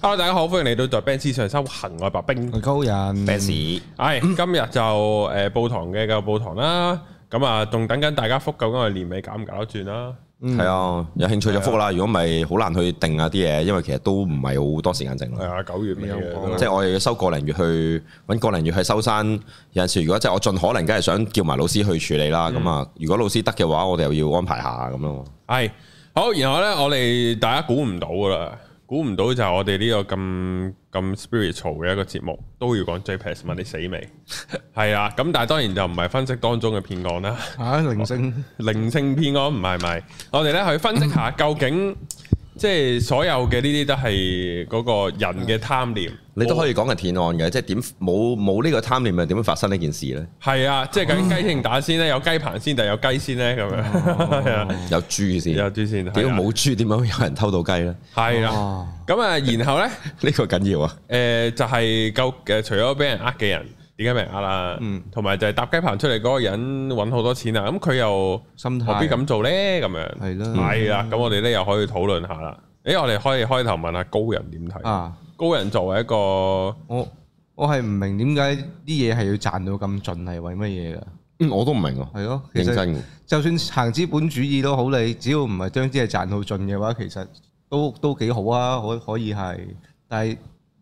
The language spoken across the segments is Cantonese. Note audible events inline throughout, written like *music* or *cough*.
hello，大家好，歡迎嚟到在 Benz 上修行外白兵高人 Benz 係、哎、今日就誒報堂嘅教育報堂啦，咁啊仲等緊大家覆究嗰個年尾搞唔搞得轉啦、啊，係、嗯嗯、啊，有興趣就覆啦，如果唔係好難去定下啲嘢，因為其實都唔係好多時間整，係啊、嗯、九月嚟嘅，即係我哋要收過零月去搵過零月去收山，有陣時如果即係、就是、我盡可能，梗係想叫埋老師去處理啦，咁啊、嗯、如果老師得嘅話，我哋又要安排下咁咯，係好，然後咧我哋大家估唔到噶啦。估唔到就係我哋呢個咁咁 spiritual 嘅一個節目都要講 JPEX 問你死未？係啊， *laughs* 咁但係當然就唔係分析當中嘅騙案啦。嚇、啊，靈性 *laughs* 靈性騙案唔係咪？我哋咧去分析下究竟。即係所有嘅呢啲都係嗰個人嘅貪念，你都可以講係鐵案嘅。即係點冇冇呢個貪念，咪點發生呢件事咧？係啊，即係究竟雞定蛋先咧，有雞棚先定有雞先咧咁樣。係 *laughs* 啊，有豬先，有豬先。點冇豬，點解會有人偷到雞咧？係啊，咁啊，然後咧呢 *laughs* 個緊要啊。誒、呃，就係夠誒，除咗俾人呃嘅人。點解明啊啦？嗯，同埋就係搭街棚出嚟嗰個人搵好多錢啊！咁佢又何必咁做咧？咁心態，樣係咯，係啊！咁我哋咧又可以討論下啦。誒，我哋可以開頭問下高人點睇啊？高人作為一個，我我係唔明點解啲嘢係要賺到咁盡係為乜嘢噶？我都唔明㗎，係咯，認真就算行資本主義都好你，你只要唔係將啲嘢賺到盡嘅話，其實都都幾好啊，可可以係，但係。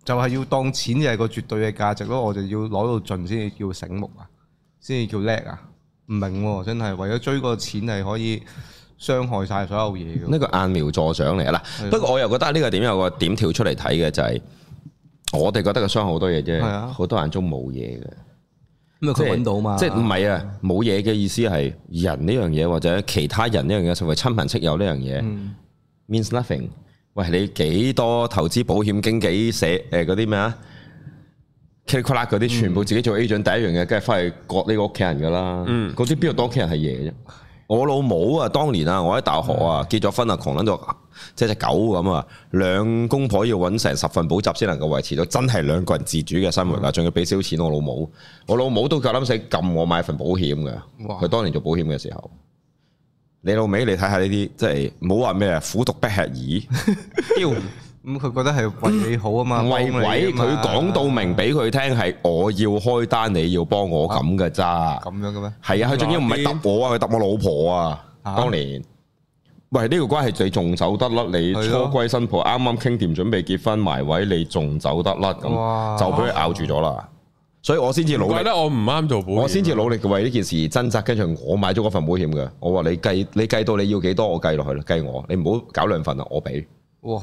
就係要當錢就係個絕對嘅價值咯，我哋要攞到盡先至叫醒目啊，先至叫叻啊，唔明喎，真係為咗追個錢係可以傷害晒所有嘢嘅。呢個揠苗助長嚟啊！嗱的，不過我又覺得呢個點有個點跳出嚟睇嘅就係，我哋覺得佢傷好多嘢啫，好的多眼中冇嘢嘅。咁啊的，佢揾到嘛？即係唔係啊？冇嘢嘅意思係人呢樣嘢或者其他人呢樣嘢，甚至親朋戚友呢樣嘢，means nothing。喂，你幾多投資保險經紀社？誒、呃，嗰啲咩啊？Kit Kola 嗰啲全部自己做 agent，第一樣嘅梗係翻去割呢個屋企人噶啦。嗯，嗰啲邊度多屋企人係爺啫？我老母啊，當年啊，我喺大學啊結咗婚啊，窮撚到即係隻狗咁啊！兩公婆要揾成十份補習先能夠維持到，真係兩個人自主嘅生活、嗯、啊！仲要俾少少錢我老母，我老母都夠撚死撳我買份保險嘅。佢哇當年做保險嘅時候。你老味，你睇下呢啲，即係唔好話咩啊？苦讀不吃耳，屌！咁佢覺得係為你好啊嘛？為鬼， *laughs* 佢講到明俾佢聽係，我要開單，你要幫我咁噶咋？咁樣嘅咩？係啊，佢仲要唔係揼我啊？佢揼我老婆啊！啊當年，喂，呢個關係你仲走得甩？你初歸新抱，啱啱傾掂，準備結婚埋位，你仲走得甩咁，哇就俾佢咬住咗啦。所以我先至努力，我覺得我唔啱做保險、啊，我先至努力為呢件事掙扎，跟住我買咗嗰份保險嘅。我話你計，你計到你要幾多我，我計落去咯，計我，你唔好搞兩份啊，我俾。哇！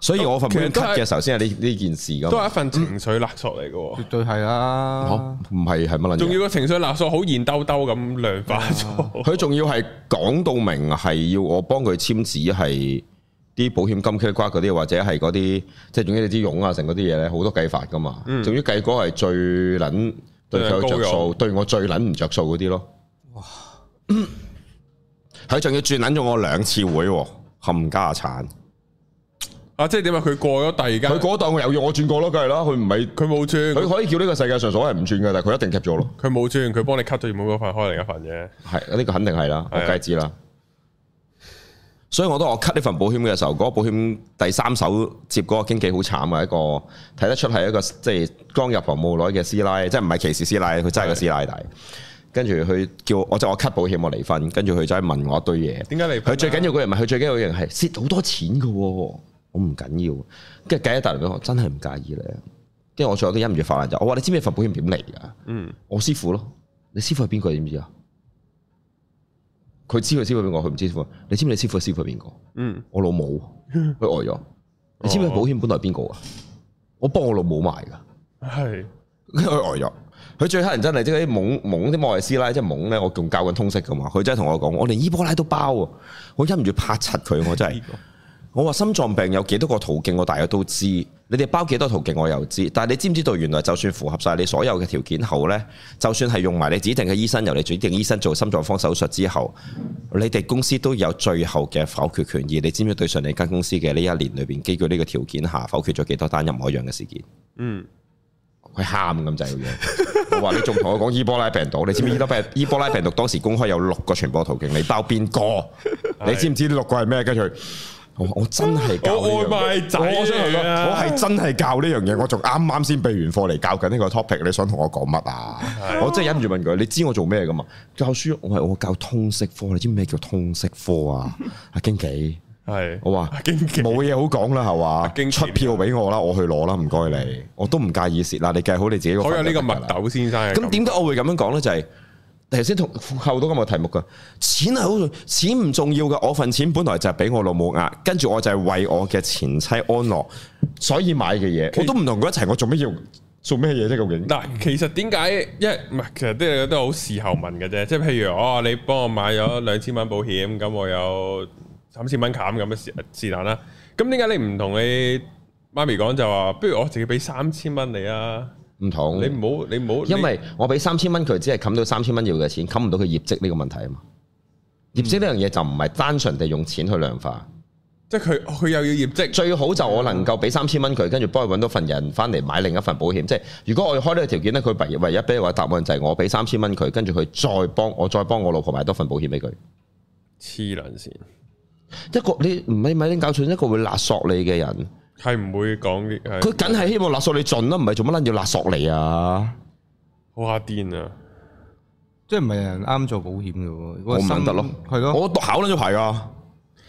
所以我份保險 cut 嘅時候先係呢呢件事咁，哦、都係一份情緒勒索嚟嘅、嗯，絕對係啊。唔係係乜撚？仲、啊、要個情緒勒索好現兜兜咁量化咗，佢仲、啊、要係講到明係要我幫佢簽紙係。啲保險金，qualified 嗰啲，或者係嗰啲，即係總之你啲傭啊，成嗰啲嘢咧，好多計法噶嘛。總之、嗯、計嗰係最撚對佢着數，高對我最撚唔着數嗰啲咯。哇！佢仲要轉撚咗我兩次會冚家產啊！即係點啊？佢過咗第二間，佢嗰檔我有用，我轉過咯，梗係啦。佢唔係佢冇轉，佢可以叫呢個世界上所有唔轉嘅，但係佢一定吸咗咯。佢冇轉，佢幫你吸咗冇嗰份開另一份啫。係呢、啊這個肯定係啦，我梗係知啦。對啊所以我覺得我 cut 呢份保險嘅時候，嗰、那個、保險第三手接嗰個經紀好慘啊。一個，睇得出係一個即係剛入行冇耐嘅師奶，即係唔係歧視師奶，佢真係個師奶底。跟住佢叫我就我 cut 保險，我離婚。跟住佢就係問我一堆嘢，點解你？佢最緊要嘅人唔係佢最緊要嘅人係蝕好多錢嘅喎，我唔緊要。跟住計一大嚟俾我，真係唔介意咧。跟住我最後都忍唔住發爛渣，我話你知唔知份保險點嚟噶？嗯，我師傅咯，你師傅係邊個？你知唔知啊？佢知佢師傅邊個？佢唔知師傅。你知唔知你師傅師傅係邊個？嗯，我老母佢呆咗。哦、你知唔知保險本來係邊個啊？我幫我老母買噶，係佢是呆咗。佢最黑人憎係即係啲懵懵啲外師奶，即係懵咧，就是就是、我仲教緊通識噶嘛。佢真係同我講，我連伊波拉都包啊！我忍唔住拍柒佢，我真係。 *laughs* 我話心臟病有幾多個途徑，我大約都知。你哋包幾多途徑我又知，但係你知唔知道原來就算符合晒你所有嘅條件後呢，就算係用埋你指定嘅醫生，由你指定醫生做心臟科手術之後，你哋公司都有最後嘅否決權益。你知唔知對上你間公司嘅呢一年裏邊，基於呢個條件下否決咗幾多單一模一樣嘅事件？嗯，佢喊咁就樣， *laughs* 我話你仲同我講伊波拉病毒， *laughs* 你知唔知伊波拉病毒當時公開有六個傳播途徑，你包邊個？ *laughs* 你知唔知呢六個係咩？跟住？我我真係教，這個，賣呢樣嘢，我係真係教呢樣嘢，我仲啱啱先備完課嚟教緊呢個 topic，你想同我講乜啊？哎、呦我真係忍唔住問佢，你知我做咩㗎嘛？教書，我係我教通識科，你知咩叫通識科啊？ *laughs* 阿經紀，係 *laughs* 我話說，經冇嘢好講啦，係嘛？出票俾我啦，我去攞啦，唔該你，我都唔介意蝕啦，你計好你自己個。好有呢個麥斗先生，咁點解我會咁樣講咧？就係，是。頭先同後到咁嘅題目噶，錢係好，重錢唔重要噶。我份錢本來就係俾我老母壓，跟住我就係為我嘅前妻安樂，所以買嘅嘢，其我都唔同佢一齊。我做乜要做咩嘢啫？究竟嗱，其實點解一唔係？其實都係都係好事後問嘅啫。即係譬如哦，你幫我買咗兩千蚊保險，咁我有三千蚊砍咁嘅事，是但啦。咁點解你唔同你媽咪講就話，不如我自己俾三千蚊你啊？唔同你，你唔好你唔好，因為我俾三千蚊佢，只係冚到三千蚊要嘅錢，冚唔到佢業績呢個問題啊嘛。業績呢樣嘢就唔係單純地用錢去量化，即係佢佢又要業績。最好就我能夠俾三千蚊佢，跟住幫佢搵到份人翻嚟買另一份保險。即係如果我開呢個條件呢，佢唔唯一，俾我答案就係我俾三千蚊佢，跟住佢再幫我再幫我老婆買多份保險俾佢。黐捻線，一個你唔係唔係搞錯一個會勒索你嘅人。係唔會講嘅，佢梗係希望勒索你盡啦，唔係做乜捻要勒索嚟啊？好阿癲啊！即係唔係人啱做保險嘅？我唔得咯，係咯的，我讀考捻張牌噶，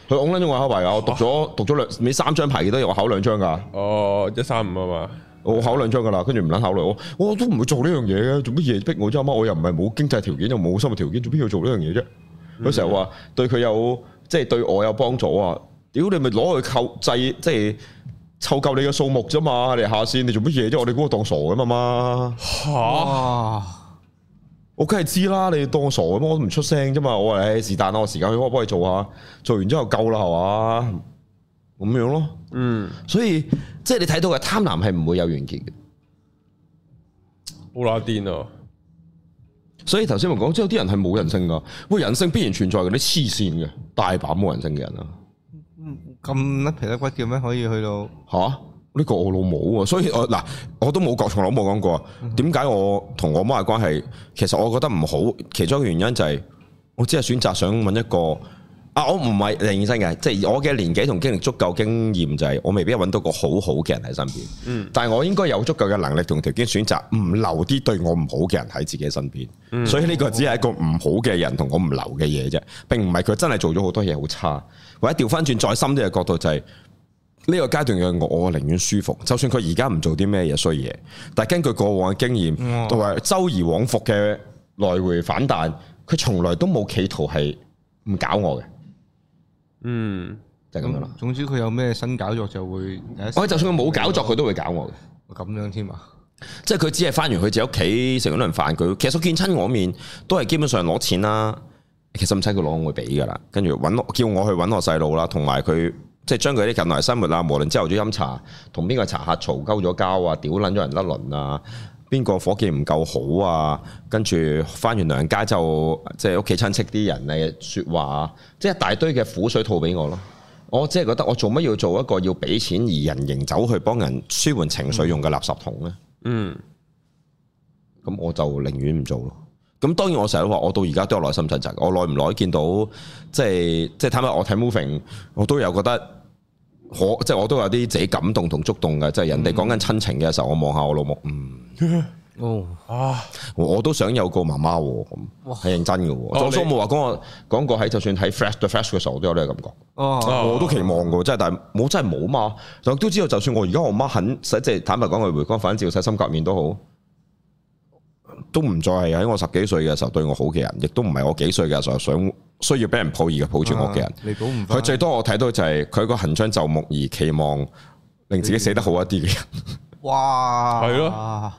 佢考捻張牌考牌噶，我讀咗讀咗兩，你三張牌都要我考兩張噶。哦，一三五啊嘛，我考兩張噶啦，跟住唔捻考慮，我我都唔會做呢樣嘢嘅，做乜嘢逼我啫？乜我又唔係冇經濟條件又冇生活條件，做咩要做呢樣嘢啫？佢成日話對佢有，即係對我有幫助啊！屌你咪攞去扣制，即係。湊夠你嘅數目啫嘛，你下線，你做乜嘢啫？我哋估我當傻噶嘛？嘛哈？吓，我梗係知啦，你當我傻咁，我唔出聲啫嘛。我話誒，是但啦，我時間可以可唔可以做下？做完之後夠啦，係嘛？咁樣咯，嗯。所以即係你睇到嘅貪婪係唔會有完結嘅，烏啦癲啊。所以頭先我講即係有啲人係冇人性噶，喂，人性必然存在嗰啲黐線嘅，大把冇人性嘅人啊。咁甩皮甩骨叫咩？可以去到吓？呢、呢個我老母喎，啊，所以我嗱我都冇講，同我老母講過點解我同我媽嘅關係，其實我覺得唔好。其中一個原因就係我只係選擇想搵一個。啊！我唔係靈性嘅，即係我嘅年紀同經歷足夠經驗，就係我未必揾到個好好嘅人喺身邊。嗯，但係我應該有足夠嘅能力同條件選擇唔留啲對我唔好嘅人喺自己身邊。嗯，所以呢個只係一個唔好嘅人同我唔留嘅嘢啫，並唔係佢真係做咗好多嘢好差。或者調翻轉再深啲嘅角度就係呢個階段嘅我，我寧願舒服，就算佢而家唔做啲咩嘢衰嘢。但係根據過往嘅經驗，同埋周而往復嘅來回反彈，佢從來都冇企圖係唔搞我嘅。嗯，就咁樣啦。總之佢有咩新搞作就會。就算佢冇搞作，佢都會搞我嘅。咁樣添啊。即係佢只係翻完佢自己屋企食咗輪飯，佢其實佢見親我面都係基本上攞錢啦。其實唔使佢攞，我會俾噶啦。跟住搵我叫我去搵我細路啦，同埋佢即係將佢啲近來生活啦，無論朝頭早飲茶，同邊個茶客嘈鳩咗交啊，屌捻咗人甩輪啊。邊個伙計唔夠好啊？跟住翻完娘家就即係屋企親戚啲人嚟說話、啊，即係一大堆嘅苦水套俾我咯。我即係覺得我做乜要做一個要俾錢而人形走去幫人舒緩情緒用嘅垃圾桶呢？嗯，咁我就寧願唔做咯。咁當然我成日都話，我到而家都有內心掙扎。我耐唔耐見到即係即係，坦白我睇 moving，我都有覺得。我即係我都有啲自己感動同觸動嘅，即係人哋講緊親情嘅時候，我望下我老母，嗯，哦、嗯、啊，我都想有個媽媽咁，哇，係認真嘅，我都冇話講過，講過喺就算喺 fresh 對 fresh 嘅時候我都有呢個感覺，啊啊、我都期望嘅，即係但係冇真係冇嘛，但都知道，就算我而家我媽肯，即係坦白講，佢回光返照、反洗心革面都好，都唔再係喺我十幾歲嘅時候對我好嘅人，亦都唔係我幾歲嘅時候想需要俾人抱而嘅抱住我嘅人，你估唔到佢最多我睇到就係佢一個行將就木而期望令自己死得好一啲嘅人，哇，係咯，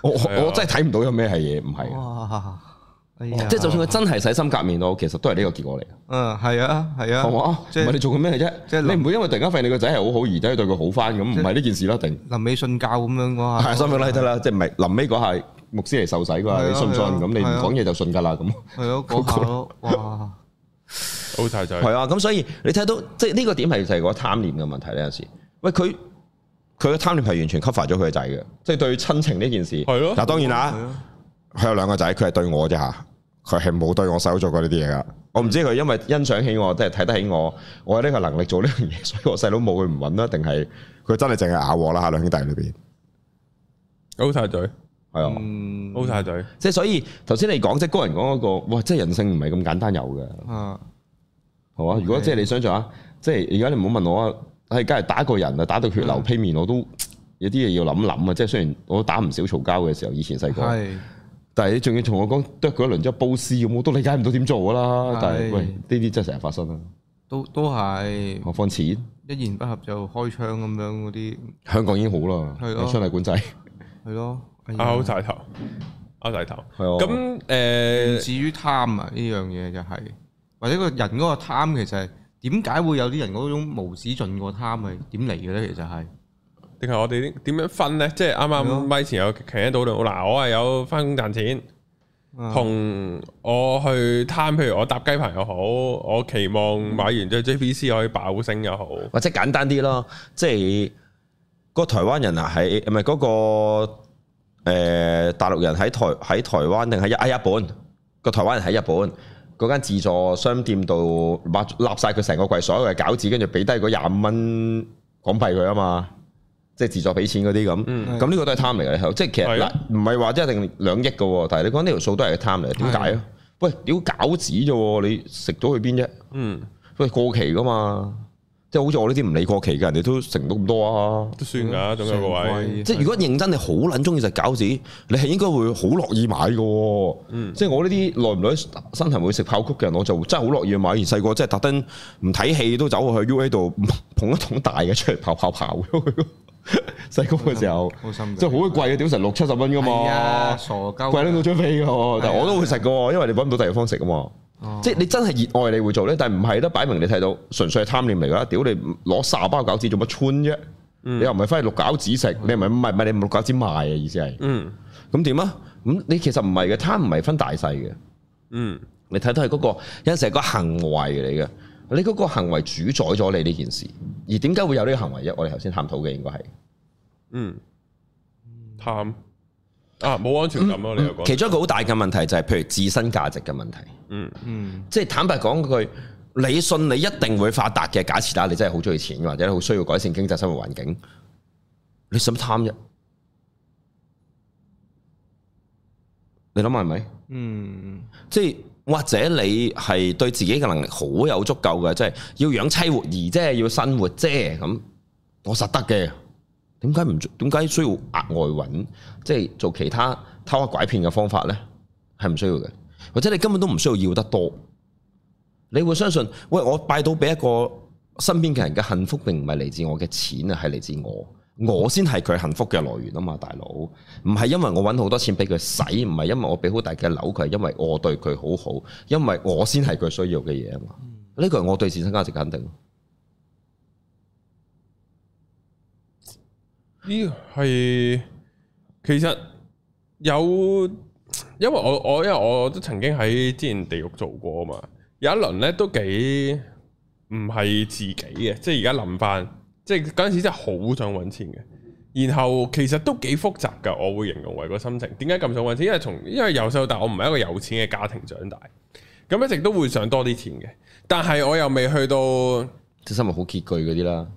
我我真係睇唔到有咩係嘢唔係，即係就算佢真係洗心革面咯，其實都係呢個結果嚟。嗯，係啊，係啊，係嘛，即係你做緊咩啫？即係你唔會因為突然間發現你個仔係好好而走去對佢好翻咁，唔係呢件事啦定臨尾信教咁樣哇，係心咗禮得啦，即係唔係臨尾嗰下。牧師嚟受洗噶嘛？的你信唔信？咁的你唔講嘢就信噶啦咁。係咯的，講咯， *laughs* 哇，好太仔。係啊，咁所以你睇到即係呢個點係就係嗰貪念嘅問題呢？有、這個、時，喂佢佢嘅貪念係完全 cover 咗佢個仔嘅，即、就、係、是、對親情呢件事。係咯的。嗱，當然啦，佢有兩個仔，佢係對我啫吓，佢係冇對我細佬做過呢啲嘢噶。嗯、我唔知佢因為欣賞起我，即係睇得起我，我有呢個能力做呢樣嘢，所以我細佬冇去唔穩啦，定係佢真係淨係咬我啦吓？兩兄弟裏邊，好太仔。係啊，好大隊。即係所以，頭先你講即係高人講嗰個，哇！即係人性唔係咁簡單有嘅。嗯，係嘛？如果即係你想象下，即係而家你唔好問我啊，係梗係打一個人啊，打到血流披面，我都有啲嘢要諗諗啊。即係雖然我打唔少嘈交嘅時候，以前細個，係，但係你仲要同我講，得佢一輪之係褒師咁，我都理解唔到點做啦。但係喂，呢啲真係成日發生啊。都都係，何況錢，一言不合就開槍咁樣嗰啲。香港已經好啦，係咯，槍嚟管制，係咯。拗晒頭，拗晒頭係。咁誒、哎，哎啊呃、至於貪啊呢樣嘢就係、是，或者個人嗰個貪其實係點解會有啲人嗰種無止盡個貪係？點嚟嘅咧？其實係，定係我哋啲點樣分咧？即係啱啱咪前有企喺度啦，嗱、哦，我係有翻工賺錢，同、啊、我去貪，譬如我搭雞棚又好，我期望買完隻 JPC 可以爆升又好，或者簡單啲咯，即係、嗰個台灣人啊，喺唔係嗰個。誒、呃、大陸人喺台喺台灣定係日啊日本個台灣人喺日本嗰間自助商店度抹立晒佢成個櫃所有嘅餃子，跟住俾低嗰廿五蚊港幣佢啊嘛，即係自助俾錢嗰啲咁。咁呢個都係貪嚟嘅，即係其實嗱，唔係話一定兩億嘅，但係你講呢條數都係貪嚟，點解啊？喂，屌餃子啫，你食咗去邊啫？嗯，喂，嗯過期噶嘛。即係好似我呢啲唔理過期嘅人哋都食唔到咁多啊，都算㗎，嗯、總有個位。即係如果認真，你好撚中意食餃子，你係應該會好樂意買嘅。嗯，即係我呢啲耐唔耐身痕會食爆谷嘅人，我就真係好樂意買。而細個真係特登唔睇戲都走去 UA 度捧一桶大嘅出嚟跑跑跑，跑。細個嘅時候，即係好貴嘅，點食、嗯、六七十蚊㗎嘛？係啊、哎，傻鳩，貴到出飛㗎。但我都會食嘅，因為你揾唔到第二方食㗎嘛。即係你真係熱愛，你會做咧，但係唔係啦，擺明你睇到純粹係貪念嚟噶啦。屌你攞卅包餃子做乜春啫？你又唔係翻去碌餃子食，你唔係唔係唔係你唔碌餃子賣嘅意思係？嗯，咁點啊？咁你其實唔係嘅，貪唔係分大細嘅。嗯，你睇到係嗰、嗰個有成個行為嚟嘅，你嗰個行為主宰咗你呢件事，而點解會有呢個行為啫？我哋頭先探討嘅應該係、嗯，嗯，貪。啊，冇安全感咯，嗯、你又講其中一個好大嘅問題就係、是，譬如自身價值嘅問題。嗯嗯，嗯即係坦白講句，你信你一定會發達嘅假設下，你真係好中意錢或者好需要改善經濟生活環境，你使乜貪啫？你諗下係咪？嗯，嗯即係或者你係對自己嘅能力好有足夠嘅，即係要養妻活兒，即係要生活啫，咁，我實得嘅。點解唔，點解需要額外揾，即係做其他偷呃拐騙嘅方法呢？係唔需要嘅，或者你根本都唔需要要得多。你會相信，喂，我拜到俾一個身邊嘅人嘅幸福，並唔係嚟自我嘅錢啊，係嚟自我，我先係佢幸福嘅來源啊嘛，大佬，唔係因為我揾好多錢俾佢使，唔係因為我俾好大嘅樓佢，係因為我對佢好好，因為我先係佢需要嘅嘢啊嘛，呢個係我對自身價值嘅肯定。呢個係其實有，因為我我因為我都曾經喺之前地獄做過啊嘛，有一輪咧都幾唔係自己嘅，即係而家諗翻，即係嗰陣時真係好想揾錢嘅。然後其實都幾複雜噶，我會形容為個心情。點解咁想揾錢？因為從因為由細到大，我唔係一個有錢嘅家庭長大，咁一直都會想多啲錢嘅。但係我又未去到即係生活好拮據嗰啲啦，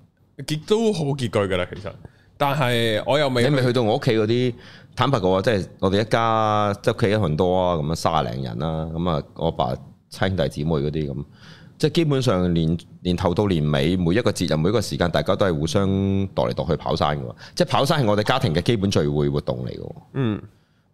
都好拮據噶啦，其實。但係我又未，你未去到我屋企嗰啲，坦白講，即係我哋一家即屋企一羣多啊，咁樣卅零人啦，咁啊我爸親弟姊妹嗰啲咁，即係基本上年年頭到年尾，每一個節日每一個時間，大家都係互相度嚟度去跑山嘅，即係跑山係我哋家庭嘅基本聚會活動嚟嘅。嗯。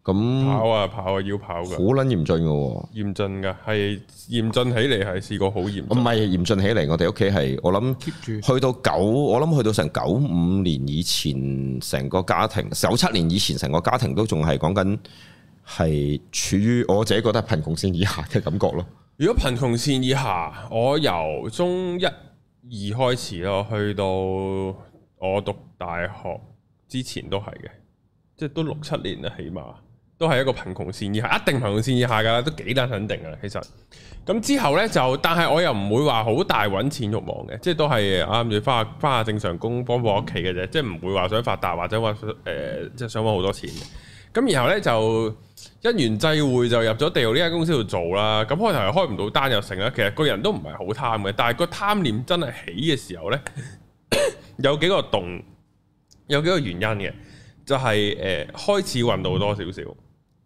咁跑啊跑啊要跑嘅，好捻嚴峻嘅。嚴峻㗎，係嚴峻起嚟，係試過好嚴，唔係嚴峻起嚟，我哋屋企係我諗，住去到九，我諗去到成九五年以前，成個家庭，九七年以前，成個家庭都仲係講緊係處於我自己覺得貧窮綫以下嘅感覺咯。如果貧窮綫以下，我由中一二開始咯，去到我讀大學之前都係嘅，即係都六七年啦，起碼。都係一個貧窮線以下，一定貧窮線以下㗎啦，都幾難肯定㗎啦。其實咁之後呢，就，但係我又唔會話好大揾錢慾望嘅，即係都係啱住返下返下正常工，幫幫屋企嘅啫，即係唔會話想發達或者話誒、呃，即係想揾好多錢嘅。咁然後呢，就因緣際會就入咗地獄呢間公司度做啦。咁開頭係開唔到單又成啦。其實個人都唔係好貪嘅，但係個貪念真係起嘅時候呢， *coughs* 有幾個洞，有幾個原因嘅，就係、是、誒、呃、開始搵到多少少。嗯。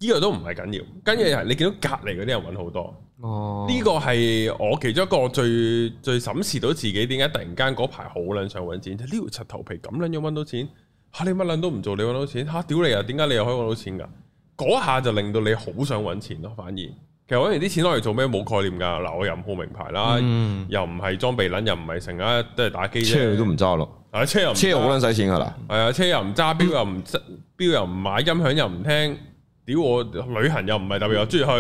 呢個都唔係緊要，跟住你見到隔離嗰啲人搵好多，呢、哦、個係我其中一個最最審視到自己點解突然間嗰排好卵想搵錢，呢個柒頭皮咁卵要搵到錢，吓、啊、你乜卵都唔做，你搵到錢，吓屌你啊，點解你又可以搵到錢噶？嗰下就令到你好想搵錢咯，反而其實搵完啲錢攞嚟做咩冇概念噶。嗱，我又唔好名牌啦、嗯，又唔係裝備卵，又唔係成日都係打機，車都唔揸咯，係車又唔揸，車好卵使錢噶啦，係啊、嗯，車又唔揸表又唔執表又唔買音響又唔聽。屌我旅行又唔係特別又中意去，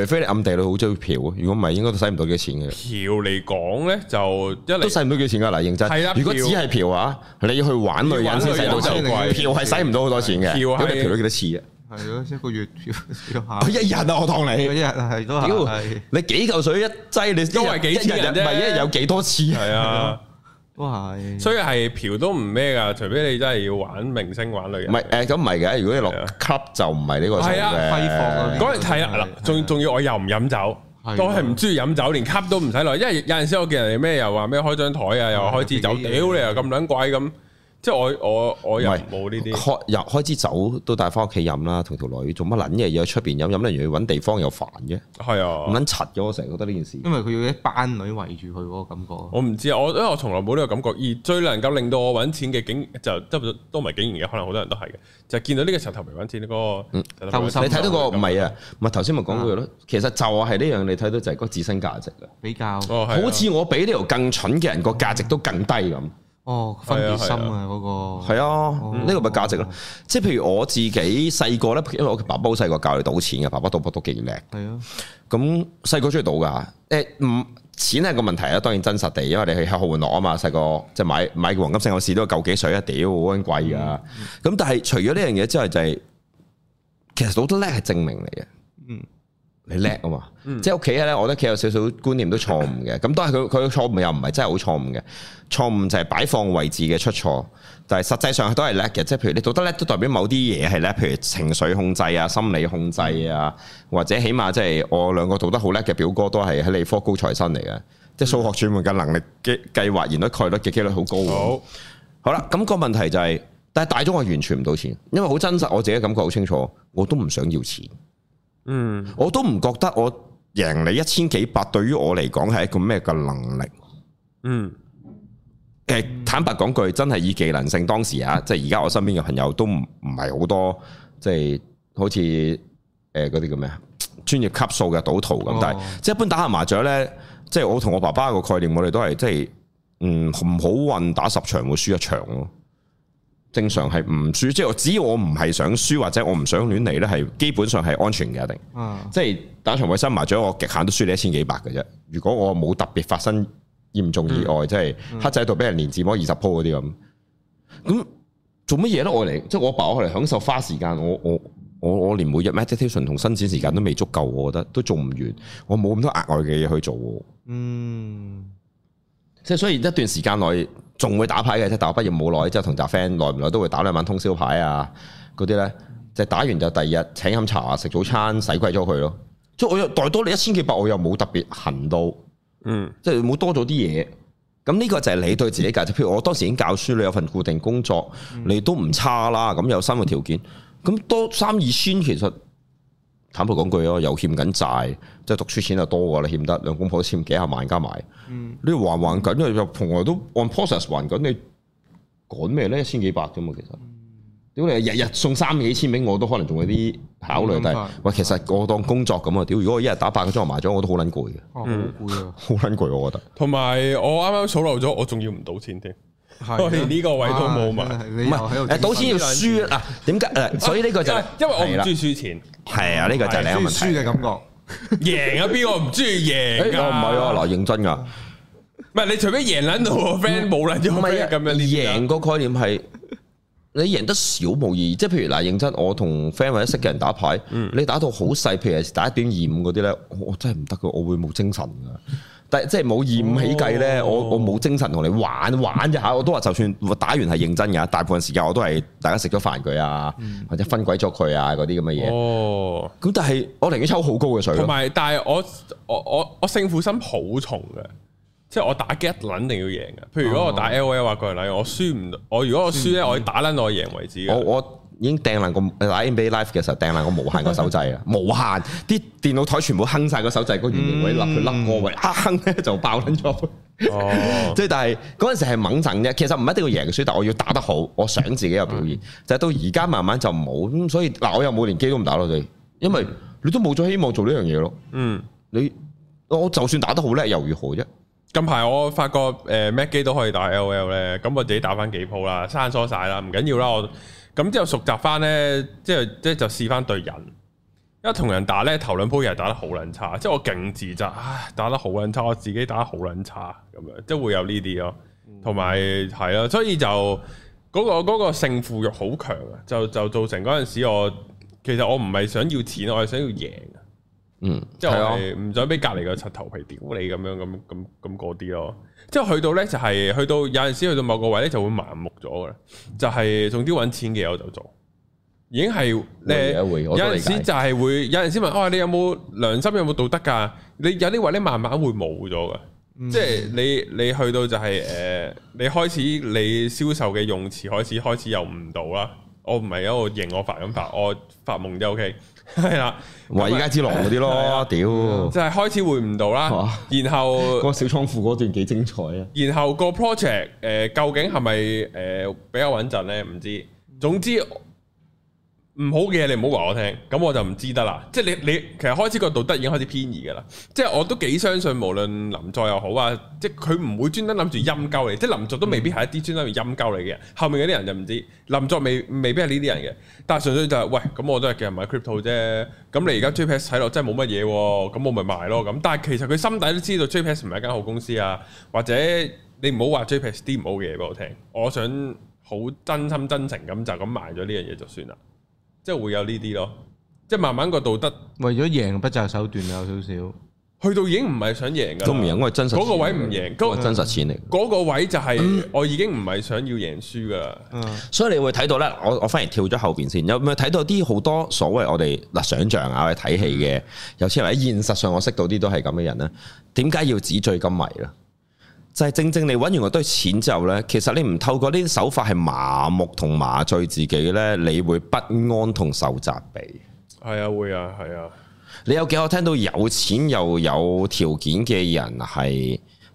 除非你暗地裏好中意嫖，如果唔係應該都使唔到幾錢嘅。嫖嚟講咧就一嚟都使唔到幾錢噶嗱，認真係啦。如果只係嫖啊，你要去玩女人先使到錢，嫖係使唔到好多錢嘅。嫖係嫖咗幾多次啊？係啊，一個月嫖一日啊，我當你。一日，係都係。屌，你幾嚿水一劑你？因為幾錢啫？唔係一日有幾多次？係啊。都係，哦、所以係嫖都唔咩噶，除非你真係要玩明星玩女人。唔係，誒咁唔係嘅，如果你落 club 就唔係呢個。係啊，揮霍嗰啲。嗰日係啊，嗱，仲仲要我又唔飲酒，都係唔中意飲酒，連 club 都唔使落，因為有陣時我見人哋咩又話咩開張台啊，又開支酒，屌你啊，咁撚怪咁。即係我我我又冇呢啲，開又開支酒都帶翻屋企飲啦，同條女做乜撚嘢要喺出邊飲？飲完又要搵地方又煩嘅，係啊，搵柒咗。我成日覺得呢件事。因為佢要一班女圍住佢嗰個感覺。我唔知啊，我因為我從來冇呢個感覺，而最能夠令到我搵錢嘅景就都唔都唔係景然嘅，可能好多人都係嘅，就係見到呢個時候頭埋搵錢、嗰個。嗯、深深你睇到、嗰個唔係啊？咪頭先咪講過咯。啊、其實就我係呢樣，你睇到就係個自身價值啊。比較，好似我比呢條更蠢嘅人個價值都更低咁。嗯嗯嗯哦，分別心啊嗰、啊那個，係啊，呢、嗯、個咪價值咯。哦、即係譬如我自己細個咧，因為我爸爸好細個教你哋賭錢嘅，爸爸賭博都幾叻。係啊，咁細個中意賭噶。誒、欸，唔錢係個問題啊。當然真實地，因為你係喺澳門攞啊嘛。細個即係買買個黃金聖母士都要夠幾水啊？屌，好鬼貴啊。咁但係除咗呢樣嘢之外，就係其實賭得叻係證明嚟嘅。嗯。你叻啊嘛，嗯、即係屋企咧，我覺得屋企有少少觀念都錯誤嘅，咁、嗯、都係佢佢嘅錯誤又唔係真係好錯誤嘅，錯誤就係擺放位置嘅出錯，但係實際上都係叻嘅，即係譬如你做得叻，都代表某啲嘢係叻，譬如情緒控制啊、心理控制啊，或者起碼即係我兩個做得好叻嘅表哥都係喺理科高材生嚟嘅，嗯、即係數學專門嘅能力嘅計劃、然率、概率嘅幾率好高。嗯、好，好啦，咁、那個問題就係、是，但係大中我完全唔到錢，因為好真實，我自己感覺好清楚，我都唔想要錢。嗯，我都唔覺得我贏你一千幾百，對於我嚟講係一個咩嘅能力？嗯，誒，坦白講句，真係以技能性，當時啊，即係而家我身邊嘅朋友都唔唔係好多，即係好似誒嗰啲叫咩啊，專業級數嘅賭徒咁，哦，但係即係一般打下麻雀咧，即係我同我爸爸個概念，我哋都係即係，嗯，唔好運打十場會輸一場咯。正常係唔輸，即係我只要我唔係想輸或者我唔想亂嚟呢，係基本上係安全嘅一定。啊、即係打場衞生麻將，我極限都輸你一千幾百嘅啫。如果我冇特別發生嚴重意外，嗯、即係黑仔度俾人連自摸二十鋪嗰啲咁，咁做乜嘢咧？我嚟，即係我擺我嚟享受花時間。我我我我連每日 meditation 同伸展時間都未足夠，我覺得都做唔完。我冇咁多額外嘅嘢去做。嗯，即係所以一段時間內仲會打牌嘅啫，大學畢業冇耐之後同紮 friend，耐唔耐都會打兩晚通宵牌啊！嗰啲呢，就、嗯、打完就第二日請飲茶食早餐，使鬼咗佢咯。即係我袋多你一千幾百，我又冇特別行到，嗯即，即係冇多咗啲嘢。咁呢個就係你對自己價值。譬如我當時已經教書，你有份固定工作，你都唔差啦。咁有生活條件，咁多三二千其實坦白講句咯，又欠緊債。即係讀書錢又多噶啦，欠得兩公婆都欠幾廿萬加埋。你還還緊啊，又從來都按 process 還緊。你趕咩咧？一千幾百啫嘛，其實。屌你，日日送三幾千俾我都可能仲有啲考慮。但係喂，其實我當工作咁啊。屌，如果我一日打八個鐘埋咗，我都好捻攰嘅。好攰啊！好捻攰，我覺得。同埋我啱啱數漏咗，我仲要唔賭錢添？我連呢個位都冇埋。唔係，賭錢要輸啊？點解？誒，所以呢個就係因為我唔中意輸錢。係啊，呢個就係你個問題。輸嘅感覺。贏啊！邊個唔中意贏？我唔係啊，嗱、欸啊啊、認真噶、啊，唔係你除非贏捻到個 friend 冇捻到 friend 咁樣。贏個概念係 *laughs* 你贏得少無意義，即係譬如嗱認真，我同 friend 或者識嘅人打牌，你打到好細，譬如係打一點二五嗰啲咧，我真係唔得噶，我會冇精神噶。即係冇厭起計咧，哦、我我冇精神同你玩玩一下。我都話就算打完係認真嘅，大部分時間我都係大家食咗飯佢啊，嗯、或者分鬼咗佢啊嗰啲咁嘅嘢。哦，咁但係我寧願抽好高嘅水。同埋，但係我我我我勝負心好重嘅，即係我打 game 肯定要贏嘅。譬如如果我打 L O L 啊、哦，舉例，我輸唔我如果我輸咧，輸不我打撚到我贏為止我、哦、我。已經掟爛個 NBA Live 嘅時候，掟爛個無限個手掣啦，無限啲電腦台全部哼晒個手掣個圓形位，笠佢笠過位一哼咧就爆撚咗。即係但係嗰陣時係猛震啫，其實唔一定要贏輸，但我要打得好，我想自己有表現。就到而家慢慢就冇，所以嗱我又冇連機都唔打咯，你因為你都冇咗希望做呢樣嘢咯。嗯，你我就算打得好叻又如何啫？近排我發覺誒 Mac 機都可以打 L O L 咧，咁我自己打翻幾鋪啦，生疏晒啦，唔緊要啦我。咁之後熟習翻呢，即係即係就試翻對人，因為同人打呢，頭兩鋪又係打得好撚差，即係我勁自責，唉，打得好撚差，我自己打得好撚差咁樣，即係會有呢啲咯，同埋係咯，所以就嗰個嗰個勝負欲好強啊，就就造成嗰陣時我其實我唔係想要錢，我係想要贏啊，嗯，即係我係唔想俾隔離個柒頭皮屌你咁樣咁咁咁啲咯。即係去到呢，就係去到有陣時去到某個位呢，就會盲目咗嘅。就係從啲搵錢嘅我就做，已經係你、啊、有陣時就係會有，有陣時問哦，你有冇良心，有冇道德噶？你有啲位咧，慢慢會冇咗嘅。即係你你去到就係、是、誒、呃，你開始你銷售嘅用詞開始開始有誤導啦。我唔係一路認我發咁發，我發夢就 O K。Okay? 係啦，華爾街之狼嗰啲咯，啊、屌，就係開始回唔到啦，哇然後嗰 *laughs* 個小倉庫嗰段幾精彩啊，然後個 project 誒、呃，究竟係咪誒比較穩陣咧？唔知，總之。唔好嘅嘢，你唔好話我聽，咁我就唔知得啦。即係你你其實開始個道德已經開始偏移噶啦。即係我都幾相信無論林作又好啊，即係佢唔會專登諗住陰鳩你，即係林作都未必係一啲專登要陰鳩你嘅人。後面嗰啲人就唔知，林作未未必係呢啲人嘅。但係純粹就係、是、喂，咁我都係叫人買 crypto 啫。咁你而家 JPEX 睇落真係冇乜嘢，咁我咪賣咯。咁但係其實佢心底都知道 JPEX 唔係一間好公司啊。或者你唔好話 JPEX 啲唔好嘅嘢俾我聽。我想好真心真情咁就咁賣咗呢樣嘢就算啦。即係會有呢啲咯，即係慢慢個道德。為咗贏不擇手段有少少。去到已經唔係想贏噶，都唔贏，我係真實。嗰個位唔贏，真實錢嚟。嗰個位就係我已經唔係想要贏輸噶啦。嗯、所以你會睇到咧，我我反而跳咗後邊先，有冇睇到啲好多所謂我哋嗱想象啊，去睇戲嘅，嗯、有啲人喺現實上我識到啲都係咁嘅人咧。點解要紙醉金迷咧？就係正正你揾完嗰堆錢之後呢，其實你唔透過呢啲手法係麻木同麻醉自己呢，你會不安同受責備。係啊，會啊，係啊。你有幾可聽到有錢又有條件嘅人係，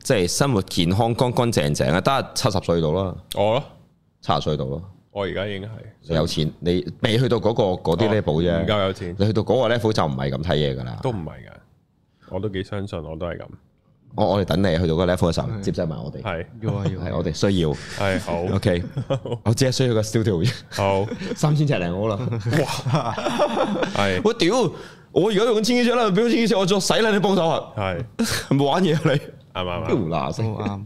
即係生活健康乾乾淨淨啊？得七十歲到啦，我咯，七十歲到咯。我而家已經係有錢，你未去到嗰個嗰啲 level 啫，哦，唔夠有錢。你去到嗰個 level 就唔係咁睇嘢噶啦，都唔係噶。我都幾相信，我都係咁。我我哋等你去到嗰 level 嘅時候接濟埋我哋，係要啊要，係我哋需要，係好，OK，我只係需要個 studio，好三千尺零好啦，哇，係我屌，我而家用千幾尺啦，表千幾尺，我再使你啲幫手啊，係冇玩嘢啊你，係嘛嘛，好啱，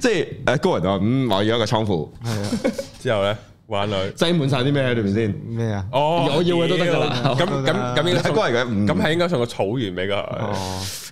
即係誒高人啊，嗯，我要一個倉庫，係啊，之後咧。玩女，擠滿晒啲咩喺裏面先？咩啊？哦，我要嘅都得㗎喇。咁咁咁應該係嘅。咁係應該送個草原俾佢。哦，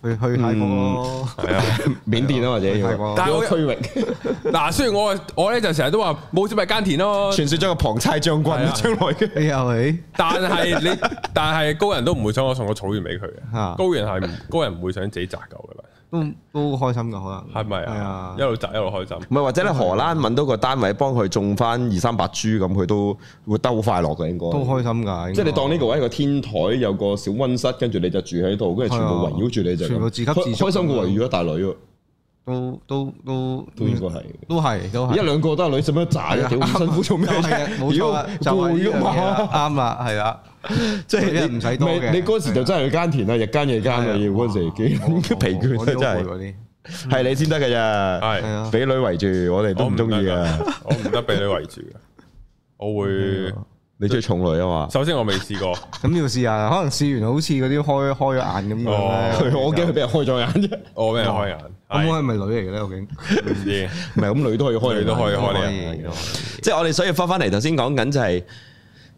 去去泰國咯。係啊，緬甸啊或者。係喎。但域！嗱，雖然我我咧就成日都話冇錢咪耕田咯。傳説中嘅龐差將軍。將來嘅又係。但係你，但係高人都唔會想我送個草原俾佢嘅。高原係高人唔會想自己雜舊嘅啦。都都開心噶，可能係咪啊？啊，一路摘一路開心，唔係，或者咧荷蘭搵到個單位幫佢種翻二三百株咁，佢都活得好快樂嘅應該。都開心噶，即係你當呢個位個天台有個小溫室，跟住你就住喺度，跟住全部圍繞住你就，全部自給自開心過圍繞一大女。都都都都應該係，都係都係一兩個都係女，做咩渣啫？點辛苦做咩？如果就喐啱啊，係啊。即係唔使多，你嗰時就真係去耕田啦，日耕夜耕啊，要嗰時幾疲倦啊，真係。我都會嗰啲，係你先得噶咋？係啊，俾女圍住，我哋都唔中意啊，我唔得俾女圍住，我會。你中意重女啊嘛？首先我未試過，咁要試下，可能試完好似嗰啲開開咗眼咁樣。我驚佢俾人開咗眼啫，我俾人開眼。咁我係咪女嚟嘅咧？究竟？唔係，咁女都可以開，女都可以開。即係我哋所以翻翻嚟，頭先講緊就係。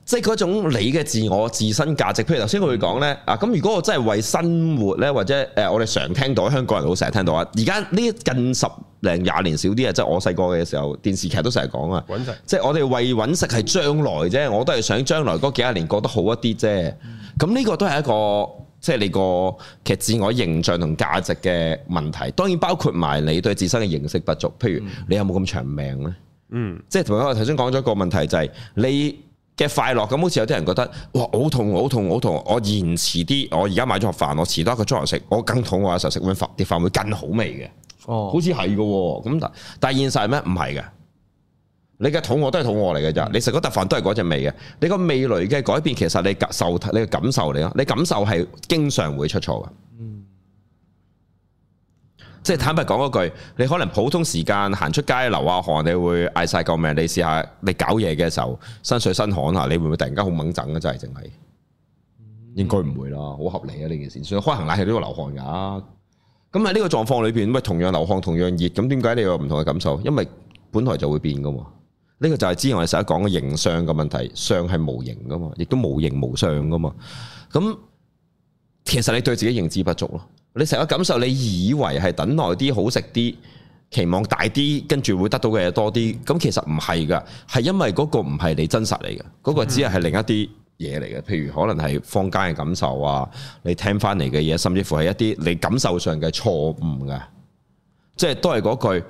即係嗰種你嘅自我自身價值，譬如頭先我哋講呢，啊咁如果我真係為生活呢，或者誒我哋常聽到，香港人好成日聽到啊，而家呢近十零廿年少啲啊，即係我細個嘅時候電視劇都成日講啊，定即係我哋為揾食係將來啫，我都係想將來嗰幾十年過得好一啲啫。嗯，咁呢個都係一個即係你個其實自我形象同價值嘅問題，當然包括埋你對自身嘅認識不足，譬如你有冇咁長命呢？嗯，即係同埋我頭先講咗一個問題就係你。嘅快樂咁，好似有啲人覺得，哇！好痛，好痛，好痛，我延遲啲，我而家買咗飯，我遲多一個鐘頭食，我更肚餓嘅時候食碗飯，啲飯會更好味嘅。哦，好似係嘅喎。咁但但現實係咩？唔係嘅。你嘅肚餓都係肚餓嚟嘅咋？你食嗰碟飯都係嗰隻味嘅。你個味蕾嘅改變，其實你,受你感受你嘅感受嚟咯。你感受係經常會出錯嘅。即係坦白講嗰句，你可能普通時間行出街流下汗，你會嗌晒救命。你試下你搞嘢嘅時候，身水身汗啊，你會唔會突然間好掹陣咧？真係淨係，應該唔會啦，好合理啊！呢件事，就算開行冷氣都要流汗噶、啊。咁喺呢個狀況裏邊，咪同樣流汗，同樣熱，咁點解你有唔同嘅感受？因為本來就會變噶嘛。呢、這個就係之前我哋成日講嘅形相嘅問題，相係無形噶嘛，亦都無形無相噶嘛。咁其實你對自己認知不足咯。你成個感受，你以為係等耐啲好食啲，期望大啲，跟住會得到嘅嘢多啲。咁其實唔係噶，係因為嗰個唔係你真實嚟嘅，嗰、嗰個只係係另一啲嘢嚟嘅。譬如可能係坊間嘅感受啊，你聽翻嚟嘅嘢，甚至乎係一啲你感受上嘅錯誤噶。即係都係嗰句，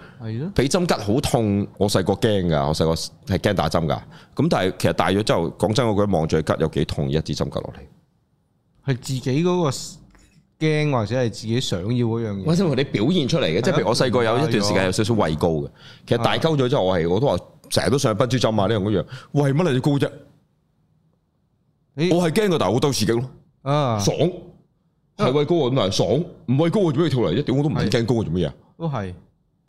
畀針吉好痛。我細個驚噶，我細個係驚打針噶。咁但係其實大咗之後，講真我覺得望住佢吉有幾痛，一支針吉落嚟，係自己嗰、嗰個。驚或者係自己想要嗰樣嘢。我想同你表現出嚟嘅，即係譬如我細個有一段時間有少少畏高嘅。其實大鳩咗之後，我係我都話成日都想去笨豬跳嘛呢樣嗰樣。喂，乜你高啫？我係驚嘅，但係我，我都刺激咯。啊，爽係畏高咁嘛，爽唔畏高啊，做咩跳嚟？一點我都唔驚高做乜嘢啊？都係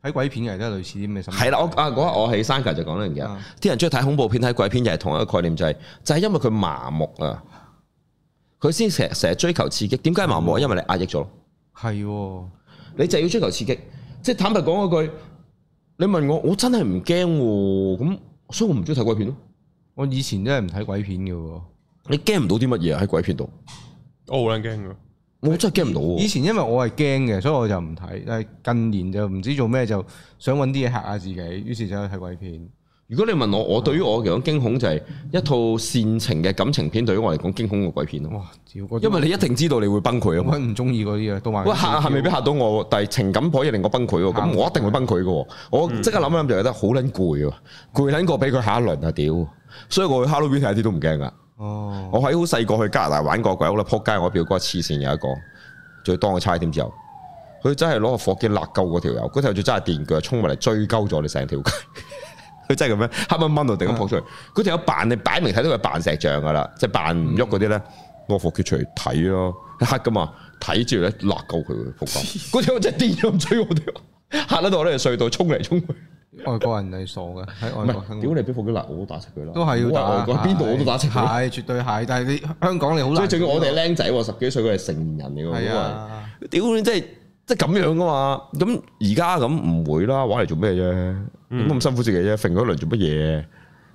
睇鬼片嘅，即係類似啲咩？係啦，我啊我喺山腳就講呢樣嘢，啲人中意睇恐怖片、睇鬼片，又係同一個概念，就係，就係就係因為佢麻木啊。佢先成成日追求刺激，點解麻木？因為你壓抑咗咯。係，哦，你就要追求刺激。即係坦白講嗰句，你問我，我真係唔驚喎。咁所以我唔中意睇鬼片咯。我以前真係唔睇鬼片嘅喎。你驚唔到啲乜嘢喺鬼片度，我好難驚嘅。我真係驚唔到。以前因為我係驚嘅，所以我就唔睇。但係近年就唔知做咩，就想揾啲嘢嚇下自己，於是就去睇鬼片。如果你問我，我對於我嚟講驚恐就係一套煽情嘅感情片，對於我嚟講驚恐過鬼片咯。哇！因為你一定知道你會崩潰啊，唔中意嗰啲啊，都玩。嚇嚇，未俾嚇到我，但係情感可以令我崩潰喎。咁我一定會崩潰嘅。我即刻諗一諗就係得好撚攰喎，攰撚、嗯、過俾佢下一輪啊！屌，所以我去 Halloween 一啲都唔驚噶。哦、我喺好細個去加拿大玩過鬼屋啦，仆街！我表哥黐線有一個，最當我差點之後，佢真係攞個火機勒鳩嗰條友，嗰條友仲真係電鋸衝埋嚟追鳩咗你成條街。佢真係咁樣黑掹掹度，突然間撲出嚟，嗰條友扮你擺明睇到佢扮石像噶啦，即係扮唔喐嗰啲咧，我伏佢出嚟睇咯，黑噶嘛，睇住後咧鬧夠佢，伏佢，嗰場真係癲咁追我哋，吓到我哋隧道衝嚟衝去。外國人係傻噶，喺外國，屌你俾伏佢，我都打死佢啦，都係要打外國，邊度我都打死佢，係絕對係。但係你香港你好難，所以仲要我哋係僆仔，十幾歲佢係成年人嚟噶，屌你即係即係咁樣噶嘛，咁而家咁唔會啦，玩嚟做咩啫？咁咁、嗯、辛苦自己啫，揈嗰輪做乜嘢？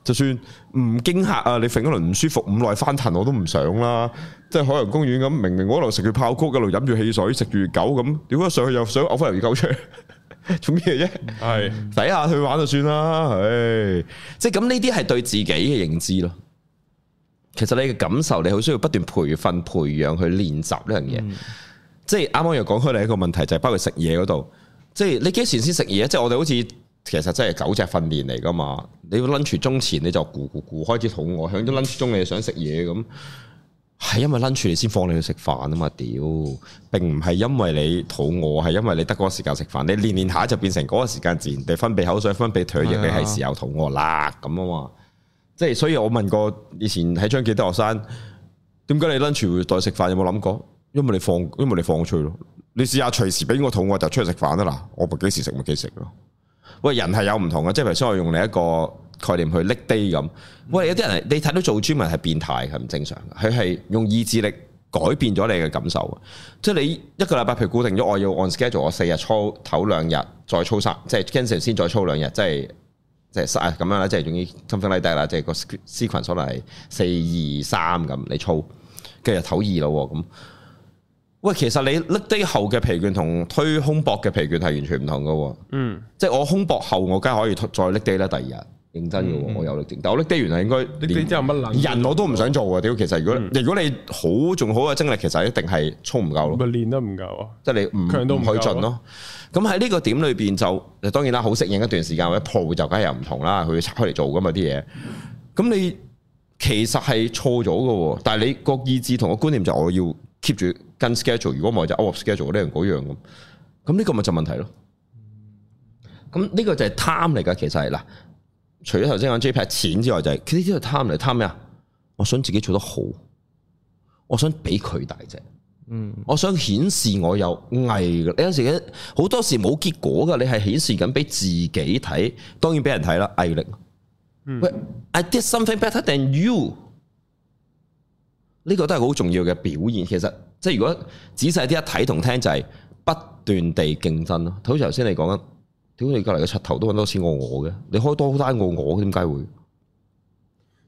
就算唔驚吓啊，你揈嗰輪唔舒服，五內翻騰我都唔想啦。即係海洋公園咁，明明我一路食住炮谷，一路飲住汽水，食住狗咁，點解上去又想嘔翻條魚狗出嚟？做咩啫？係第下去玩就算啦，唉，嗯、即係咁呢啲係對自己嘅認知咯。其實你嘅感受，你好需要不斷培訓、培養去練習呢樣嘢。嗯、即係啱啱又講開另一個問題，就係、係、包括食嘢嗰度。即係你幾時先食嘢？即係我哋好似。其實真係狗隻訓練嚟㗎嘛？你要 lunch 鐘前你就咕咕咕開始肚餓，響咗 lunch 鐘你想食嘢咁，係因為 lunch 你先放你去食飯啊嘛？屌，並唔係因為你肚餓，係因為你得嗰個時間食飯。你練練下就變成嗰個時間自然地分泌口水、分泌唾液，你係時候肚餓啦咁啊嘛。即係所以我問過以前喺張記啲學生，點解你 lunch 會再食飯？有冇諗過？因為你放因為你放出去。你試試隨時餓」咯。你試下隨時俾我肚餓就出去食飯啊嗱，我咪幾時食咪幾時食咯。喂，人係有唔同嘅，即係所以我用你一個概念去拎低咁。喂、mm，hmm. 有啲人你睇到做專文係變態，係唔正常。佢係用意志力改變咗你嘅感受。即係 *laughs* 你一個禮拜譬如固定咗，我要按 schedule，我四日操頭兩日再操三，即係經常先再操兩日，即係即係咁樣啦，即係總之今分期一啦，即係個 c 群可能係四二三咁你操，跟住就頭二咯咁。喂，其實你甩低後嘅疲倦同推胸搏嘅疲倦係完全唔同噶。嗯，即係我胸搏後，我梗係可以再甩低啦。第二日認真嘅，嗯、我有力低，但我甩低完係應該甩低之後乜諗？人我都唔想做。屌，其實如果如果你好仲好嘅精力，其實一定係操唔夠咯，咪練得唔夠，即係你唔唔可以盡咯。咁喺呢個點裏邊就當然啦，好適應一段時間，一破就梗係又唔同啦。佢要拆開嚟做噶嘛啲嘢。咁你其實係錯咗噶，但係你個意志同個觀念就我要 keep 住。跟 schedule，如果唔係就是 out schedule，呢樣嗰樣咁，咁呢個咪就問題咯。咁呢個就係貪嚟噶，其實係啦，除咗頭先講 JPA 錢之外，就係佢呢啲就貪嚟，貪咩啊？我想自己做得好，我想比佢大隻，嗯，我想顯示我有毅力。有陣時好多時冇結果噶，你係顯示緊俾自己睇，當然俾人睇啦，毅力。喂，嗯，I did something better than you。呢個都係好重要嘅表現，其實即係如果仔細啲一睇同聽，就係不斷地競爭咯。好似頭先你講緊，屌你隔離嘅柒頭都揾到錢過我嘅，你開多單過我嘅，點解會？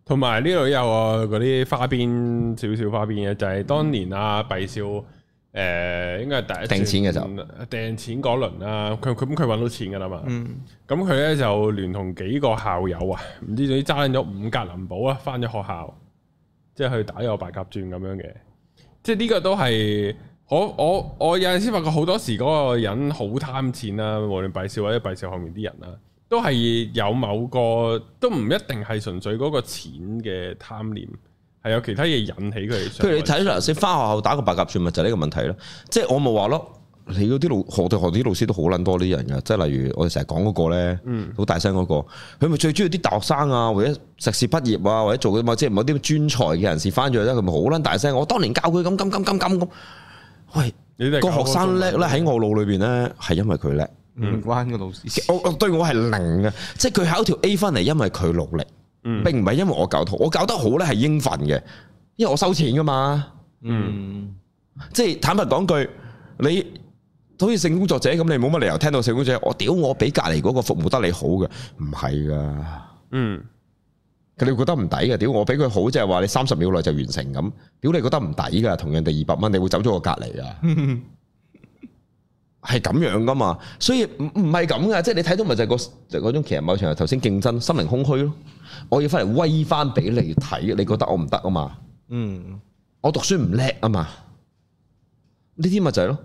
同埋呢度有啊，嗰啲花邊少少花邊嘅就係、是、當年啊，幣少誒、呃，應該係第一定錢嘅就定錢嗰輪啦。佢佢佢揾到錢噶啦嘛。咁佢咧就聯同幾個校友啊，唔知點爭咗五格林寶啊，翻咗學校。即係去打個白鴿轉咁樣嘅，即係呢個都係我我我有陣時發覺好多時嗰個人好貪錢啦，啊，無論閉市或者閉市後面啲人啦，都係有某個都唔一定係純粹嗰個錢嘅貪念，係有其他嘢引起佢哋。譬如你睇嗱，你返學校打個白鴿轉咪就係呢個問題咯。即係我咪話咯。你嗰啲老何啲何啲老師都好撚多呢啲人嘅，即係例如我哋成日講嗰個咧，好、嗯、大聲嗰、嗰個，佢咪最中意啲大學生啊，或者碩士畢業啊，或者做嘅某，即係啲專才嘅人士翻咗，即係佢咪好撚大聲。我當年教佢咁咁咁咁咁，喂，個學生叻咧喺我腦裏邊咧，係、嗯、因為佢叻，唔關個老師。我我對我係零嘅，即係佢考條 A 翻嚟，因為佢努力，嗯、並唔係因為我教得好，我教得好咧係應份嘅，因為我收錢噶嘛。嗯，即係坦白講句，你。你好似性工作者咁，你冇乜理由聽到性工作者，我屌我比隔籬嗰個服務得你好嘅，唔係噶，嗯，佢哋會覺得唔抵噶，屌我比佢好即係話你三十秒內就完成咁，屌你覺得唔抵噶，同人哋二百蚊你會走咗我隔籬噶，係咁、嗯、樣噶嘛，所以唔唔係咁噶，即係你睇到咪就係個就嗰種，其實某程頭先競爭心靈空虛咯，我要翻嚟威翻俾你睇，你覺得我唔得啊嘛，嗯，我讀書唔叻啊嘛，呢啲咪就係咯。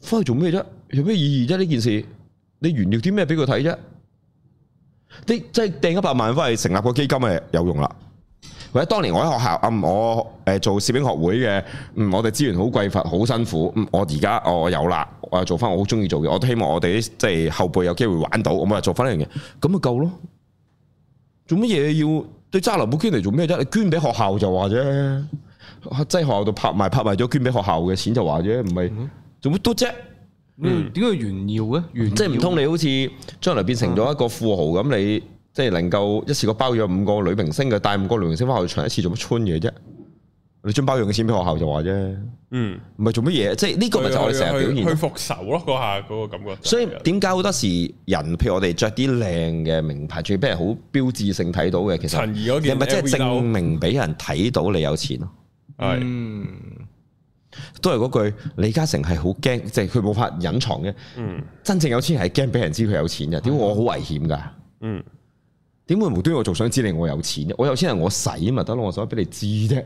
翻去做咩啫？有咩意義啫？呢件事你炫耀啲咩俾佢睇啫？你真係掟一百萬翻去成立個基金係有用啦。或者當年我喺學校，嗯、我誒、呃、做攝影學會嘅、嗯，我哋資源好匱乏，好辛苦。嗯、我而家我有啦，我做翻我好中意做嘅，我都希望我哋即係後輩有機會玩到，我咪做翻樣嘢，咁咪夠咯。做乜嘢要對揸流寶捐嚟做咩啫？你捐俾學校就話啫，即係學校度拍賣拍賣咗捐俾學校嘅錢就話啫，唔係。嗯做乜多啫？嗯，點解要炫耀嘅？炫即係唔通你好似將來變成咗一個富豪咁，嗯、你即係能夠一次個包養五個女明星嘅，帶五個女明星翻去，學校行一次做，做乜穿嘢啫？你將包養嘅錢俾學校就話啫。嗯，唔係做乜嘢？即係呢個咪就係我哋成日表現去。去復仇咯、啊，嗰下嗰個感覺。所以點解好多時人，譬如我哋着啲靚嘅名牌，最俾人好標誌性睇到嘅。其實陳怡嗰件，係咪即係證明俾人睇到你有錢咯？係是。是嗯。都係嗰句，李嘉誠係好驚，即係佢冇法隱藏嘅。嗯，真正有錢人係驚俾人知佢有錢嘅，點解我好危險噶？嗯，點會無端我仲想知你我有錢？我有錢係我使嘛，得咯，我想俾你知啫。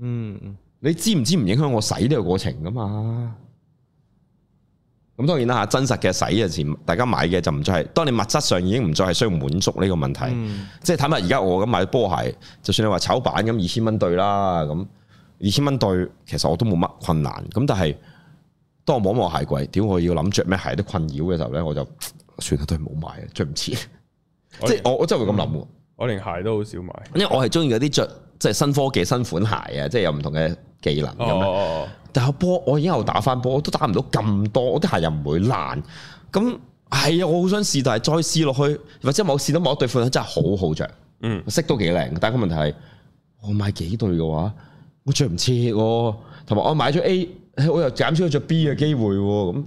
嗯，你知唔知唔影響我使呢個過程噶嘛？咁當然啦吓，真實嘅使嘅時，大家買嘅就唔再係，當你物質上已經唔再係需要滿足呢個問題。嗯，即係坦白而家我咁買波鞋，就算你話炒板咁二千蚊對啦咁。二千蚊對，其實我都冇乜困難。咁但係當我摸摸鞋櫃，屌我要諗着咩鞋都困擾嘅時候咧，我就算啦，都係冇買，着唔切。 *laughs* 即係我我真係會咁諗喎。我連鞋都好少買，因為我係中意嗰啲着即係新科技新款鞋啊，即係有唔同嘅技能咁。哦哦哦，但係波我以後打翻波，我都打唔到咁多，我啲鞋又唔會爛。咁係啊，我好想試，但係再試落去或者我試到某一對款真係好好着，嗯，色都幾靚。但係個問題係我買幾對嘅話，我着唔切喎，同埋我買咗 A、哎、我又減少咗著 B 嘅機會咁，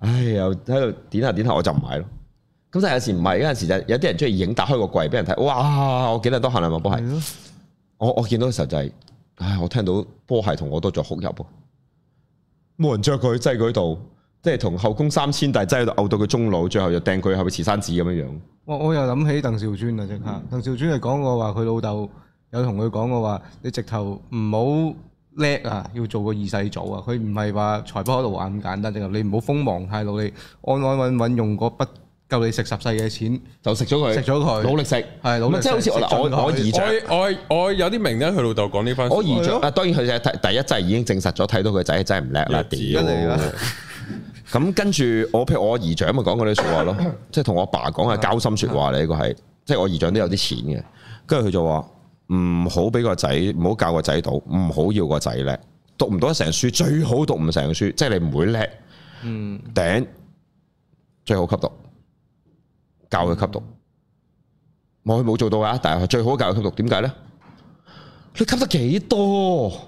唉、哎，又喺度點下點下我就唔買咯。咁真係有時唔買嗰陣時就有啲人中意影打開個櫃俾人睇，哇！我見得多限量波鞋，的我我見到嘅時候就係、是，唉、哎，我聽到波鞋同我都在哭泣，冇人着佢，擠佢度，即係同後宮三千弟，但係擠喺度嘔到佢中老，最後又掟佢係個慈山寺咁樣樣。我我又諗起鄧兆尊啊，即刻，鄧兆尊係講過話佢老豆。我同佢講：我話你直頭唔好叻啊，要做個二世祖啊。佢唔係話財不可度話咁簡單啫。你唔好鋒芒太努力，安安穩穩用嗰筆夠你食十世嘅錢就食咗佢，食咗佢，努力食係，努力食。即係好似嗱，我我姨丈，我我我有啲明咧，佢老豆講呢番話。我姨丈啊，當然佢就第一劑已經證實咗，睇到個仔真係唔叻啦。點咁跟住我譬如我姨丈咪講嗰啲説話咯，即係同我爸講係交心説話咧。呢個係即係我姨丈都有啲錢嘅，跟住佢就話。唔好俾個仔，唔好教個仔賭，唔好要個仔叻，讀唔到成書最好讀唔成書，即係你唔會叻，嗯頂最好吸毒，教佢吸毒，我冇、嗯、做到啊！但係最好教佢吸毒，點解咧？你吸得幾多，多？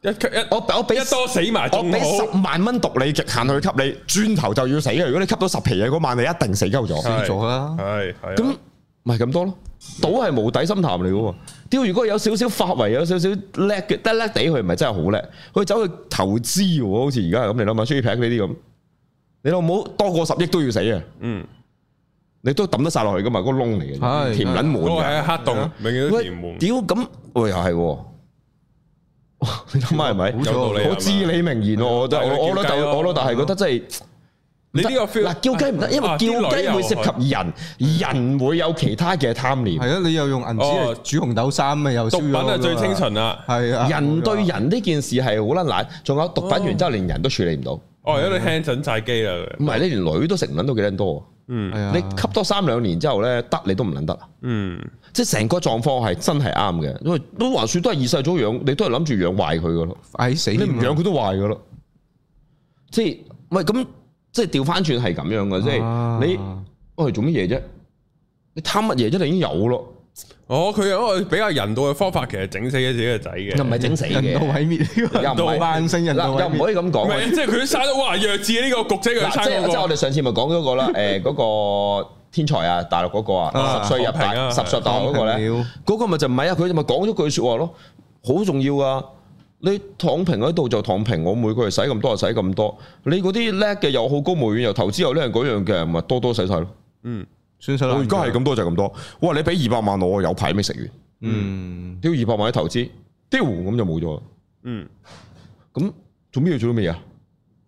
一,一我我俾一多死埋，我俾十萬蚊毒你，極限去吸你，轉頭就要死啊！如果你吸到十皮嘢嗰晚，你一定死鳩咗，死咗啦，係係咁，唔係咁多咯，賭係無底深潭嚟嘅。屌！如果有少少發圍，有少少叻嘅，得叻哋，佢唔係真係好叻，佢走去投資喎，好似而家咁，你諗下，中意劈呢啲咁，你老母多過十億都要死啊！嗯，你都抌得晒落去噶嘛，個窿嚟嘅，填捻滿，我係黑洞，永遠都屌咁，喂、哎，又係喎，是是你諗下係咪？好至理名言，我真，但我我都但，我都但係覺得真係。你呢個嗱叫雞唔得，因為叫雞會涉及人，人會有其他嘅貪念。係啊，你又用銀紙嚟煮紅豆衫啊，又毒品啊，最清純啦。係啊，人對人呢件事係好撚懶，仲有毒品完之後連人都處理唔到。哦，喺度聽準晒機啦。唔係，你連女都食唔撚到幾多。嗯，你吸多三兩年之後咧，得你都唔撚得。嗯，即係成個狀況係真係啱嘅，因為都話說都係二世祖樣，你都係諗住養壞佢噶咯。唉死！你唔養佢都壞噶咯。即係，喂咁。即係調翻轉係咁樣嘅，即係你，我做乜嘢啫？你貪乜嘢啫？你已經有咯。哦，佢有一個比較人道嘅方法，其實整死咗自己嘅仔嘅，又唔係整死嘅，人道毀滅，又唔係萬聖人道，又唔可以咁講嘅，即係佢生得哇弱智呢個局仔嘅生。即即係我哋上次咪講咗個啦，誒嗰個天才啊，大陸嗰個啊，十歲入十歲大嗰個咧，嗰個咪就唔係啊，佢就咪講咗句說話咯，好重要啊！你躺平喺度就躺平，我每個月使咁多就使咁多。你嗰啲叻嘅又好高騖遠又投資又呢樣，嗰樣嘅咪多多使晒咯。嗯，算晒啦。我而家係咁多就咁多。哇！你俾二百萬我，有排未食完。嗯，丟二百萬喺投資，丟咁就冇咗啦。嗯，咁、嗯、做咩要做到咩啊？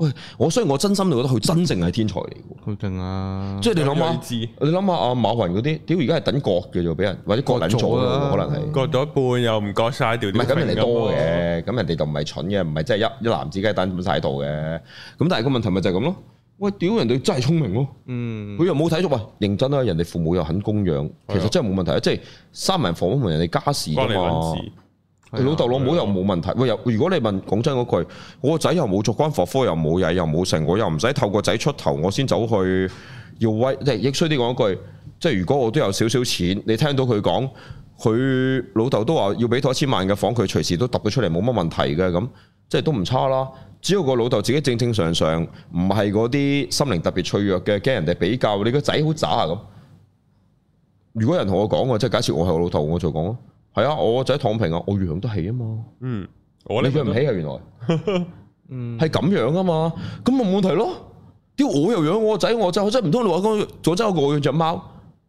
喂，我所以我真心嚟覺得佢真正係天才嚟嘅，好勁啊！即係你諗下，愚愚你諗下阿馬雲嗰啲，屌而家係等割嘅就俾人，或者割兩座可能係割咗一半又唔割曬條。唔係咁人哋多嘅，咁、嗯、人哋就唔係蠢嘅，唔係真係一一籃子雞等晒曬到嘅。咁但係個問題咪就係咁咯？喂，屌人哋真係聰明咯，嗯，佢又冇睇俗，喂，認真啦，人哋父母又肯供養，嗯、其實真係冇問題啊，即係三人房同埋人哋家，家事。老豆老母又冇問題，喂，又如果你問講真嗰句，我個仔又冇做關科科又冇嘢又冇成，我又唔使透過仔出頭，我先走去要威，即係亦衰啲講句，即係如果我都有少少錢，你聽到佢講，佢老豆都話要俾咗千萬嘅房，佢隨時都揼到出嚟冇乜問題嘅，咁，即係都唔差啦。只要個老豆自己正正常常，唔係嗰啲心靈特別脆弱嘅驚人哋比較，你個仔好渣啊咁。如果有人同我講啊，即係假設我係我老豆，我就講。係啊，我個仔躺平啊，我養得起啊嘛。嗯，我得你養唔起啊？原來， *laughs* 嗯，係咁樣啊嘛，咁咪冇問題咯。屌，我又養我個仔，我真真唔通你話我左周我養隻貓，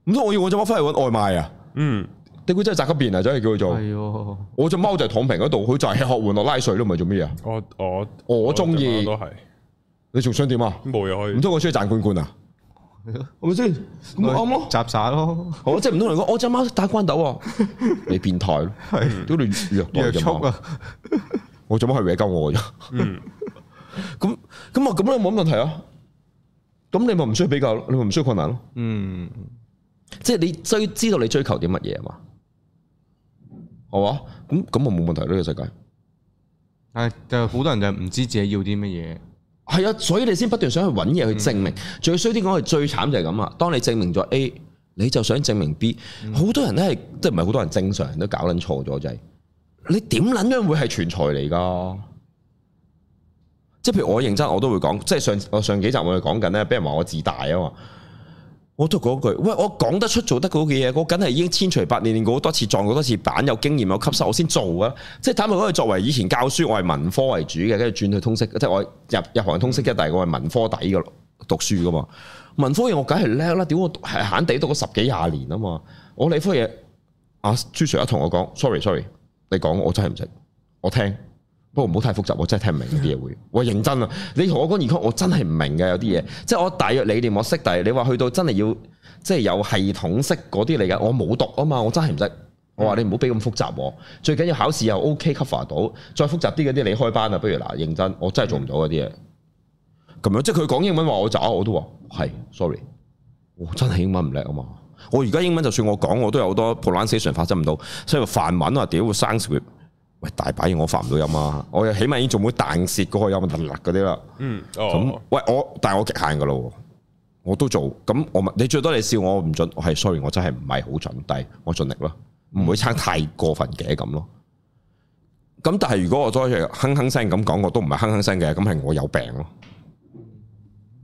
唔通我要我隻貓翻嚟搵外賣啊？嗯，你估真係宅急便啊，真、就、係、是、叫佢做。係哦，我隻貓就係躺平喺度，佢就係學換落拉水都唔咪做咩啊？我我我中意，都係。你仲想點啊？冇嘢可以，唔通我出去賺罐罐啊？係咯，係咪先？咁啱咯，雜耍咯。即我即係唔通同你講，我隻貓打關斗，啊， *laughs* 你變態咯。係如果你弱弱倉啊，我隻貓係搲救我啫。咁咁觸啊，咁你冇問題啊？咁你咪唔需要比較咯，你咪唔需，需要困難咯，啊。嗯，即係你追知道你追求啲乜嘢係嘛？好啊，咁咁我冇問題呢個世界，啊。但係就係好多人就唔知自己要啲乜嘢。係啊，所以你先不斷想去揾嘢去證明。嗯、最衰啲講係最慘就係咁啊！當你證明咗 A，你就想證明 B。好多人都係，即係唔係好多人正常人都搞撚錯咗就係。你點撚樣會係全才嚟㗎？即係譬如我認真，我都會講。即係上我上幾集我哋講緊咧，俾人話我自大啊嘛。我都嗰句，喂，我講得出做得嗰啲嘢，我梗係已經千錘百煉，練過好多次，撞過多次板，有經驗，有吸收，我先做啊！即係坦白講，作為以前教書，我係文科為主嘅，跟住轉去通識，即係我入入行通識一，第二個係文科底嘅讀書噶嘛，文科嘢我梗係叻啦，屌我係閒閒哋讀個十幾廿年啊嘛，我理科嘢，阿、啊、朱 sir 一同我講，sorry sorry，你講我真係唔識，我聽。不過唔好太複雜，我真係聽唔明啲嘢會。我認真啊，你同我講二級，我真係唔明嘅有啲嘢。即係我大約理念我識，但係你話去到真係要，即、就、係、是、有系統識嗰啲嚟嘅，我冇讀啊嘛，我真係唔識。我話你唔好俾咁複雜。最緊要考試又 OK cover 到，再複雜啲嗰啲你開班啊，不如嗱認真，我真係做唔到嗰啲嘢。咁、嗯、樣即係佢講英文話我渣，我都話係，sorry，我真係英文唔叻啊嘛。我而家英文就算我講，我都有好多 presentation 發生唔到，所以梵文啊，屌 Sanskrit 喂，大把嘢我發唔到音啊！我又起碼已經做唔到彈舌嗰個音嗱嗱嗰啲啦。哼哼哼嗯，咁、哦、喂，我但係我極限噶咯，我都做咁我咪你最多你笑我唔準，我係 sorry，我真係唔係好準，但係我盡力咯，唔、嗯、會差太過分嘅咁咯。咁但係如果我再哼哼聲咁講，我都唔係哼哼聲嘅，咁係我有病咯。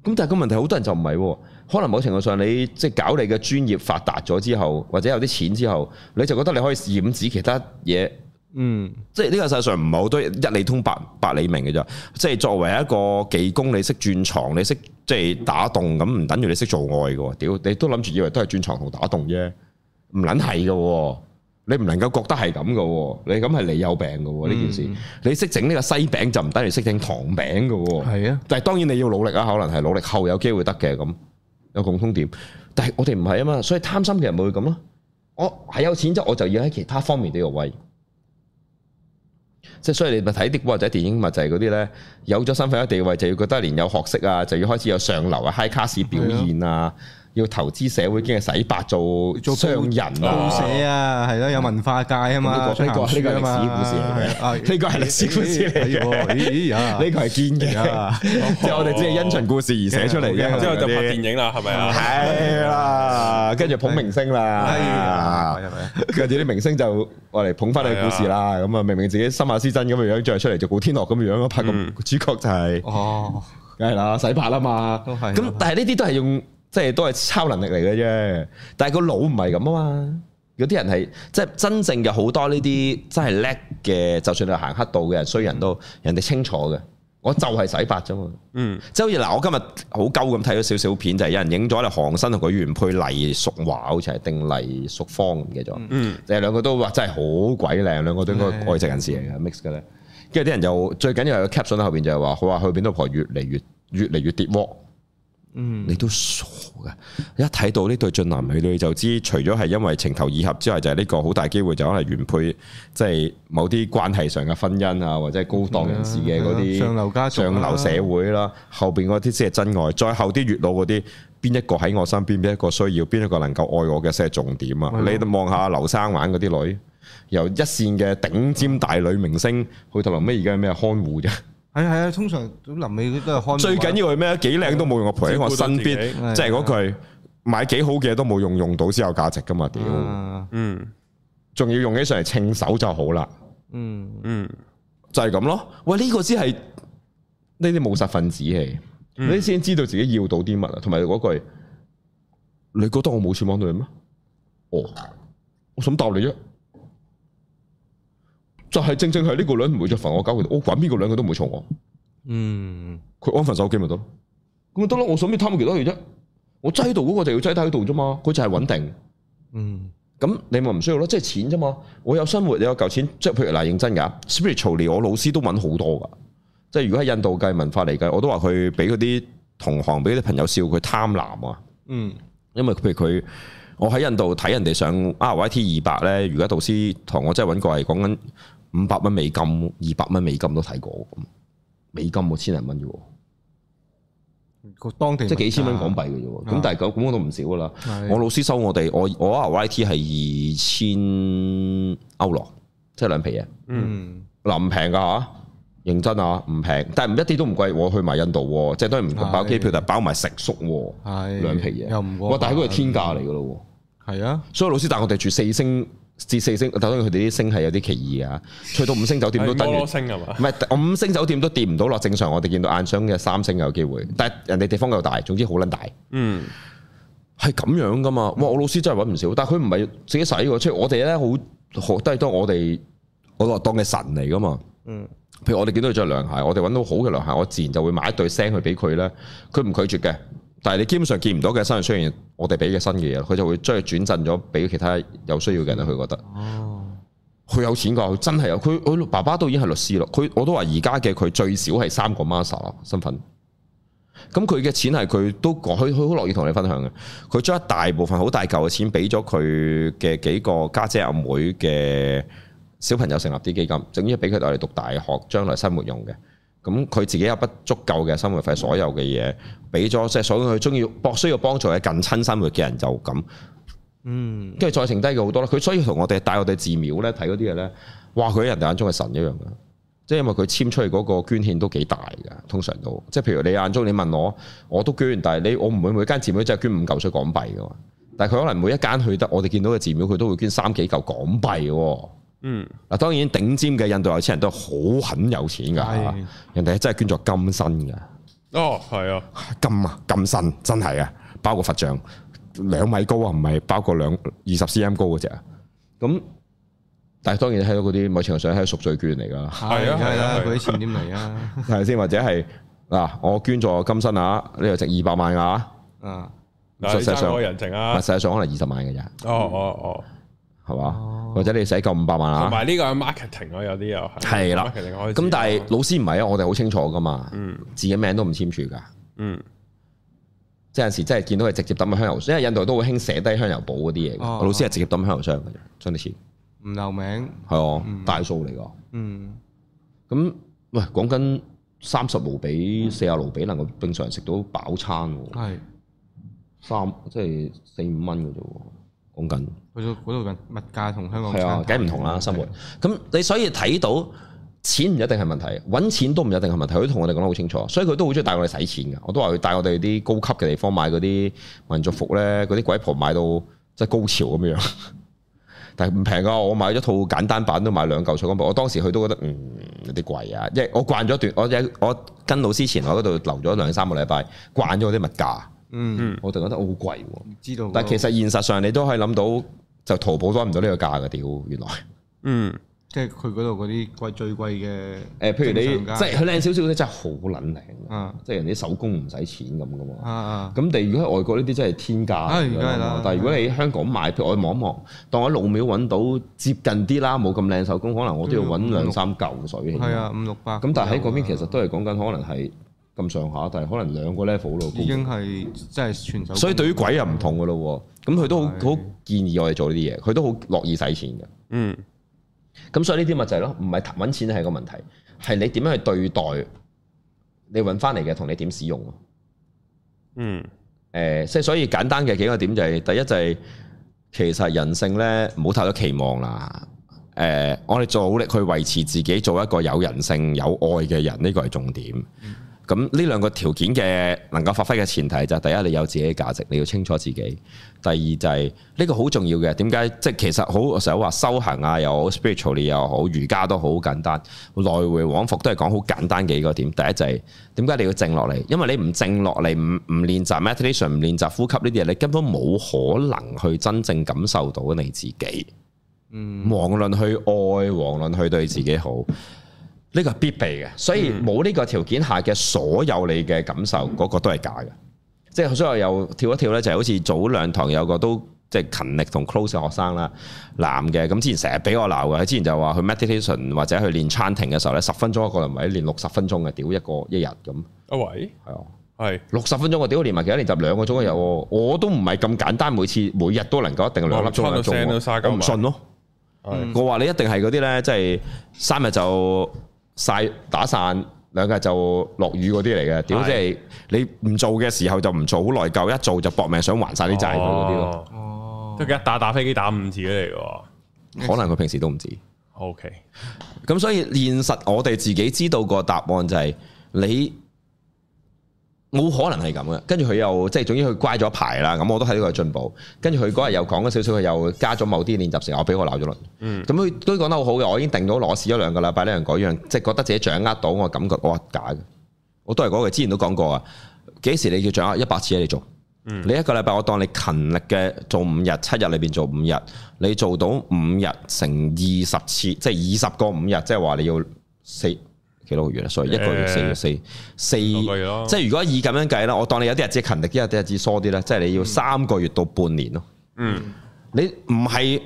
咁但係個問題，好多人就唔係，可能某程度上你即係、就是、搞你嘅專業發達咗之後，或者有啲錢之後，你就覺得你可以染指其他嘢。嗯，即係呢個世界上唔係好多一理通百百理明嘅啫。即係作為一個技工，你識鑽床，你識即係打洞咁，唔等於你識做愛嘅。屌，你都諗住以為都係鑽床同打洞啫，唔撚係嘅。你唔能夠覺得係咁嘅，你咁係你有病嘅呢、嗯、件事。你識整呢個西餅就唔等於識整糖餅嘅。係啊，但係當然你要努力啊，可能係努力後有機會得嘅，咁有共通點。但係我哋唔係啊嘛，所以貪心嘅人會咁咯。我係有錢啫，我就要喺其他方面都要威。即係所以你咪睇啲古惑仔電影咪就係嗰啲咧，有咗身份有地位就要覺得連有學識啊，就要開始有上流啊 high class 表現啊。要投資社會經濟洗白做做商人，做死啊！係咯，有文化界啊嘛。呢個呢個呢個歷史故事嚟嘅，呢個係歷史故事嚟嘅。呢個係堅嘅。即係我哋只係因循故事而寫出嚟嘅，之後就拍電影啦，係咪啊？係啦，跟住捧明星啦，係啊。跟住啲明星就話嚟捧翻你個故事啦，咁啊，明明自己身馬斯真咁嘅樣，再出嚟就古天樂咁嘅樣，拍個主角就係哦，梗係啦，洗白啦嘛。都係咁，但係呢啲都係用。即係都係超能力嚟嘅啫，但係個腦唔係咁啊嘛。有啲人係即係真正有好多呢啲真係叻嘅，就算你行黑道嘅衰人都人哋清楚嘅。我就係洗白咗嘛。嗯，即係好似嗱，我今日好鳩咁睇咗少少片，就係有人影咗咧，韓生同佢原配黎淑華，好似係定黎淑芳，唔記得咗。嗯，成兩個都話真係好鬼靚，兩個都係外籍人士嚟嘅 mix 嘅咧。跟住啲人又最緊要係個 caption 後邊就係話，佢話佢變到婆越嚟越越嚟越跌嗯，你都傻㗎，一睇到呢對俊男美女就知，除咗係因為情投意合之外，就係、是、呢個好大機會就可能原配，即、就、係、是、某啲關係上嘅婚姻啊，或者係高檔人士嘅嗰啲上流社會啦、啊，後邊嗰啲先係真愛，再後啲越老嗰啲，邊一個喺我身邊，邊一個需要，邊一個能夠愛我嘅先係重點啊！的你望下劉生玩嗰啲女，由一線嘅頂尖大女明星去到臨尾，而家係咩看護啫。係係啊，通常臨尾都係看。最緊要係咩？幾靚都冇用，我陪喺我身邊邊。嗯嗯、即係嗰句，買幾好嘅都冇用，用到先有價值噶嘛？屌、嗯，嗯，仲要用起上嚟稱手就好啦、嗯。嗯嗯，就係咁咯。喂，呢、這個先係呢啲冇實分子嘅，嗯嗯、你先知道自己要到啲乜啊？同埋嗰句，你覺得我冇錢幫到你咩？哦，我想答你啊！就係正正係呢個兩唔會着煩我搞佢，我搵邊個兩佢都唔會嘈我。嗯，佢安份守己咪得咯，咁咪得咯。我想咩貪冇其多嘢啫，我擠喺度嗰個就要擠喺度啫嘛，佢就係穩定。嗯，咁你咪唔需要咯，即係錢啫嘛。我有生活，你有嚿錢。即係譬如嗱，認真噶 spiritual，我老師都搵好多噶。即係如果喺印度計文化嚟計，我都話佢俾嗰啲同行，俾啲朋友笑佢貪婪啊。嗯，因為譬如佢，我喺印度睇人哋上 RYT 二百咧，如果導師同我真係搵過嚟講緊。五百蚊美金，二百蚊美金都睇過咁，美金喎，千零蚊啫喎，1，當地即係幾千蚊港幣嘅啫喎。咁的但係咁咁我都唔少噶啦。的我老師收我哋，我我 RYT 係二千歐羅，即係兩皮嘢。嗯，嗱唔平㗎嚇，認真啊唔平，但係唔一啲都唔貴。我去埋印度喎，即係都係唔同。包機票，但係的包埋食宿喎。係的兩皮匹嘢，又唔貴。但係佢係天價嚟㗎咯喎。係啊，所以老師帶我哋住四星。至四星，但係佢哋啲星係有啲歧義啊。去 *laughs* 到五星酒店都等於，唔係五星酒店都跌唔到落正常。我哋見到晏商嘅三星有機會，但係人哋地方又大，總之好撚大。嗯，係咁樣噶嘛。哇，我老師真係搵唔少，但係佢唔係自己使嘅，即係我哋咧好，好多我哋我話當佢神嚟噶嘛。嗯，譬如我哋見到佢着涼鞋，我哋搵到好嘅涼鞋，我自然就會買一對 send 去俾佢咧。佢唔拒絕嘅。但係你基本上見唔到嘅新嘅，雖然我哋俾嘅新嘅嘢，佢就會將佢轉贈咗俾其他有需要嘅人。佢覺得，哦，佢有錢噶，佢真係有，佢佢爸爸都已經係律師咯。佢我都話而家嘅佢最少係三個 master 啦身份。咁佢嘅錢係佢都過去。佢好樂意同你分享嘅。佢將大部分好大嚿嘅錢俾咗佢嘅幾個家姐阿妹嘅小朋友成立啲基金，總之俾佢哋嚟讀大學，將來生活用嘅。咁佢自己有不足夠嘅生活費，所有嘅嘢俾咗，即係所以佢中意博需要幫助嘅近親生活嘅人就咁，嗯，跟住再剩低嘅好多啦。佢所以同我哋帶我哋寺廟咧睇嗰啲嘢咧，哇！佢喺人哋眼中係神一樣嘅，即係因為佢簽出去嗰個捐獻都幾大嘅，通常都即係譬如你眼中你問我，我都捐，但係你我唔會每間寺廟真係捐五嚿水港幣嘅嘛，但係佢可能每一間去得，我哋見到嘅寺廟佢都會捐三幾嚿港幣喎。嗯，嗱，當然頂尖嘅印度有錢人都好很有錢㗎，人哋真係捐助金身嘅。哦，係啊，金啊，金身真係啊，包括佛像兩米高啊，唔係包括兩二十 CM 高嗰隻啊。咁，但係當然睇到嗰啲某程度上係贖罪券嚟㗎啦。係啊，係啊，嗰啲錢點嚟啊？係先或者係嗱，我捐助金身啊，呢度值二百萬㗎啊。嗯，實際上人情啊，實際上可能二十萬嘅啫。哦哦哦。係嘛？或者你使夠五百萬啊？同埋呢個 marketing 咯，有啲又係。係啦，咁但係老師唔係啊，我哋好清楚噶嘛。嗯，自己名都唔簽署噶。嗯，即係有時真係見到佢直接抌個香油，因為印度都好興寫低香油簿嗰啲嘢。老師係直接抌香油箱嘅啫，賺啲錢唔留名。係哦，大數嚟噶。嗯。咁喂，講緊三十盧比、四十盧比能夠正常食到飽餐喎。係。三即係四五蚊嘅啫。講緊去到度，物價同香港係啊，梗唔同啦生活。咁你所以睇到錢唔一定係問題，搵錢都唔一定係問題。佢同我哋講得好清楚，所以佢都好中意帶我哋使錢噶。我都話佢帶我哋啲高級嘅地方買嗰啲民族服咧，嗰啲鬼婆買到即係高潮咁樣。但係唔平噶，我買咗套簡單版都買兩嚿水咁，我當時佢都覺得嗯，有啲貴啊，因為我慣咗段，我我跟老師前我嗰度留咗兩三個禮拜，慣咗啲物價。嗯，我哋覺得好貴喎。知道，但係其實現實上你都可以諗到就淘寶得唔到呢個價嘅屌原來。嗯，即係佢嗰度嗰啲貴最貴嘅，誒，譬如你即係佢靚少少咧，真係好撚靚即係人哋啲手工唔使錢咁嘅喎。啊啊，咁你如果喺外國呢啲真係天價，但係如果你喺香港買，譬如我去望一望，當我喺老廟揾到接近啲啦，冇咁靚手工，可能我都要揾兩三嚿水。係啊，五六百。咁但係喺嗰邊其實都係講緊可能係。咁上下，但係可能兩個 level 咯。已經係即係全手。所以對於鬼又唔同嘅咯，咁佢、嗯、都好好的建議我哋做呢啲嘢，佢都好樂意使錢嘅。嗯，咁所以呢啲咪就係咯，唔係揾錢係個問題，係你點樣去對待你揾返嚟嘅同你點使用。嗯，誒、呃，即係所以簡單嘅幾個點就係、是，第一就係、是、其實人性咧唔好太多期望啦。誒、呃，我哋做好力去維持自己做一個有人性有愛嘅人，呢、這個係重點。嗯咁呢兩個條件嘅能夠發揮嘅前提就係第一，你有自己嘅價值，你要清楚自己；第二就係呢個好重要嘅，點解即係其實好成日話修行啊，又好 spiritually 又好瑜伽都好簡單，來回往復都係講好簡單幾個點。第一就係點解你要靜落嚟？因為你唔靜落嚟，唔唔練習 meditation，唔練習呼吸呢啲嘢，你根本冇可能去真正感受到你自己。嗯，遑論去愛，遑論去對自己好。呢個必備嘅，所以冇呢個條件下嘅所有你嘅感受，嗰個都係假嘅。即係所以又跳一跳呢，就係好似早兩堂有個都即係勤力同 close 嘅學生啦，男嘅，咁之前成日俾我鬧嘅，之前就話去 meditation 或者去練 chanting 嘅時候呢，十分鐘一個人位練六十分鐘嘅，屌一個一日咁。啊喂，係啊，係六十分鐘我屌練埋幾多？練就兩個鐘一日喎，我都唔係咁簡單，每次每日都能夠一定兩粒鐘唔信咯？我話你一定係嗰啲呢，即係三日就。曬打散兩日就落雨嗰啲嚟嘅，屌即係你唔做嘅時候就唔做，好內疚；一做就搏命想還晒啲債佢嗰啲咯。哦，都記得打打飛機打五次嚟嘅喎。可能佢平時都唔知。OK，咁所以現實我哋自己知道個答案就係你。冇可能係咁嘅，跟住佢又即係總之佢乖咗排啦，咁我都睇到佢進步。跟住佢嗰日又講咗少少，佢又加咗某啲練習成，我俾我鬧咗咯。咁佢、嗯、都講得好好嘅，我已經定咗攞試咗兩個禮拜呢樣嗰樣，即係覺得自己掌握到我，我感覺話假嘅。我都係嗰個，之前都講過啊。幾時你要掌握一百次你做？嗯、你一個禮拜我當你勤力嘅做五日七日裏邊做五日，你做到五日乘二十次，即係二十個五日，即係話你要四。幾多個月啦？所以一個月四月四四，即係如果以咁樣計啦，我當你有啲日子勤力，有啲日子疏啲啦，即係你要三個月到半年咯。嗯，你唔係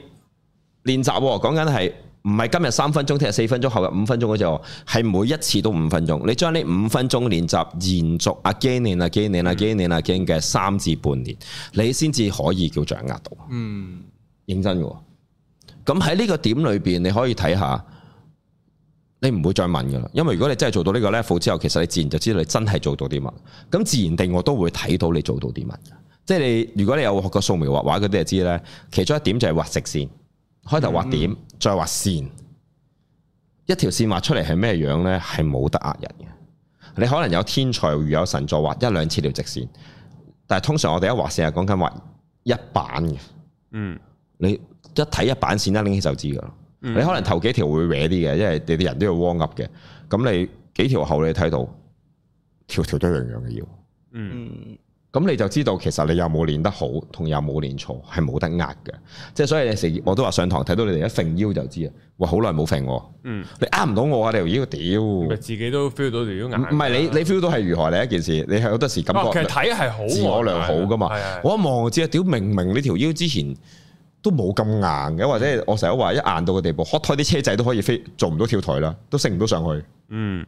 練習，講緊係唔係今日三分鐘，聽日四分鐘，後日五分鐘嗰陣，係每一次都五分鐘。你將呢五分鐘練習延續，again 練啊，again 練啊，again 練啊，again 嘅三至半年，你先至可以叫掌握到。嗯，認真嘅。咁喺呢個點裏邊，你可以睇下。你唔會再問噶啦，因為如果你真係做到呢個 level 之後，其實你自然就知道你真係做到啲乜，咁自然地我都會睇到你做到啲乜。即係你如果你有學過素描畫畫嗰啲，就知咧。其中一點就係畫直線，開頭畫點，再畫線，一條線畫出嚟係咩樣呢？係冇得呃人嘅。你可能有天才，如有神助畫一兩次條直線，但係通常我哋一畫線係講緊畫一版嘅。嗯，你一睇一版線，一拎起就知噶啦。你可能頭幾條會歪啲嘅，因為你啲人都要 warm up 嘅，咁你幾條後你睇到條條都一樣樣嘅腰，嗯，咁、嗯、你就知道其實你有冇練得好同有冇練錯，係冇得呃嘅，即係所以你成日我都話上堂睇到你哋一揈腰就知啊，喂，好耐冇揈過，你呃唔到我啊條腰，屌，咪自己都 feel 到條腰硬，唔係你你 feel 到係如何你一件事，你係好多時感覺，哦、其實睇係好，自我良好噶嘛，對對對，我一望就知啊，屌明明，明明你條腰之前。都冇咁硬嘅，或者我成日話一硬到嘅地步，學台啲車仔都可以飛，做唔到跳台啦，都升唔到上去。嗯，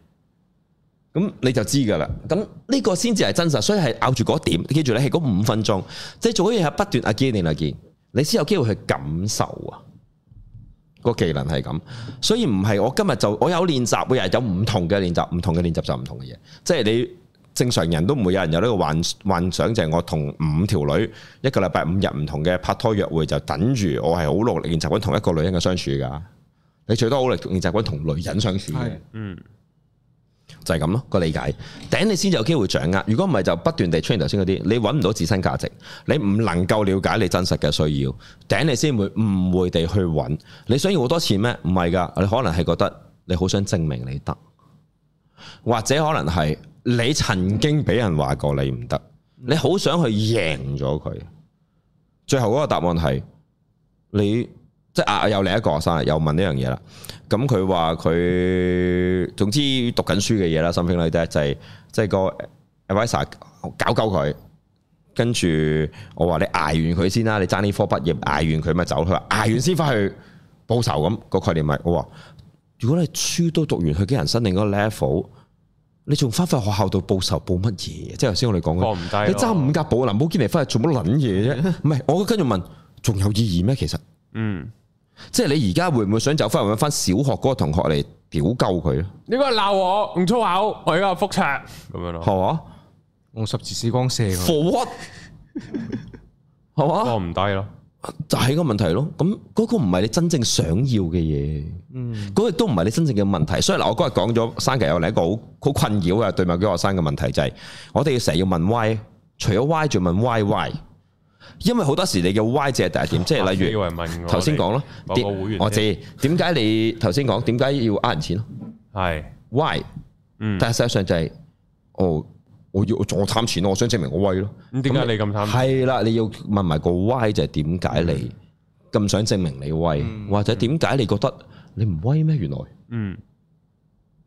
咁你就知㗎啦。咁呢個先至係真實，所以係咬住嗰點，你記住，你係嗰五分鐘，即係做嘢係不斷 again 定 again，你先有機會去感受啊個技能係咁。所以唔係我今日就我有練習，每日有唔同嘅練習，唔同嘅練習就唔同嘅嘢。即係你。正常人都唔會有人有呢個幻幻想，就係、是、我同五條女一個禮拜五日唔同嘅拍拖約會，就等住我係好努力練習緊同一個女人嘅相處噶，你最多好力練習緊同女人相處，嗯，就係咁咯個理解。頂你先有機會掌握，如果唔係就不斷地出現頭先嗰啲，你搵唔到自身價值，你唔能夠了解你真實嘅需要。頂你先會誤會地去揾你想要好多錢咩？唔係噶，你可能係覺得你好想證明你得，或者可能係。你曾經俾人話過你唔得，你好想去贏咗佢。最後嗰個答案係你，即係啊，有另一個學生又問呢樣嘢啦。咁佢話佢總之讀緊書嘅嘢啦，something like that 就係即係個 adviser 搞鳩佢，跟住我話你捱完佢先啦，你爭呢科畢業捱完佢咪走，佢話捱完先翻去報仇咁個概念咪。我話如果你書都讀完，去啲人申定嗰個 level。你仲翻返學校度報仇報乜嘢？即係頭先我哋講過，放唔低。你揸五格寶林寶堅尼翻去做乜卵嘢啫。唔係， *laughs* 我跟住問，仲有意義咩？其實，嗯，即係你而家會唔會想走翻去翻小學嗰個同學嚟屌鳩佢啊？你而家鬧我，用粗口，我而家復尺咁樣咯，啊，係嘛吧？用十字死光射佢，係嘛？放唔低咯。就係個問題咯，咁嗰個唔係你真正想要嘅嘢，嗯，嗰個亦都唔係你真正嘅問題。所以嗱，我今日講咗三極，我嚟一個好好困擾啊，對某啲學生嘅問題就係，我哋要成日要問 why，除咗 why 仲問 why why，因為好多時你嘅 why 只係第一點，即係例如頭先講咯，某個會員我知，點解你頭先講點解要呃人錢咯？係 why？嗯，但係實際上就係我。我要我貪錢咯，我想證明我威咯。咁點解你咁貪？係啦，你要問埋個 Y 就係點解你咁想證明你威，嗯、或者點解你覺得你唔威咩？原來，嗯，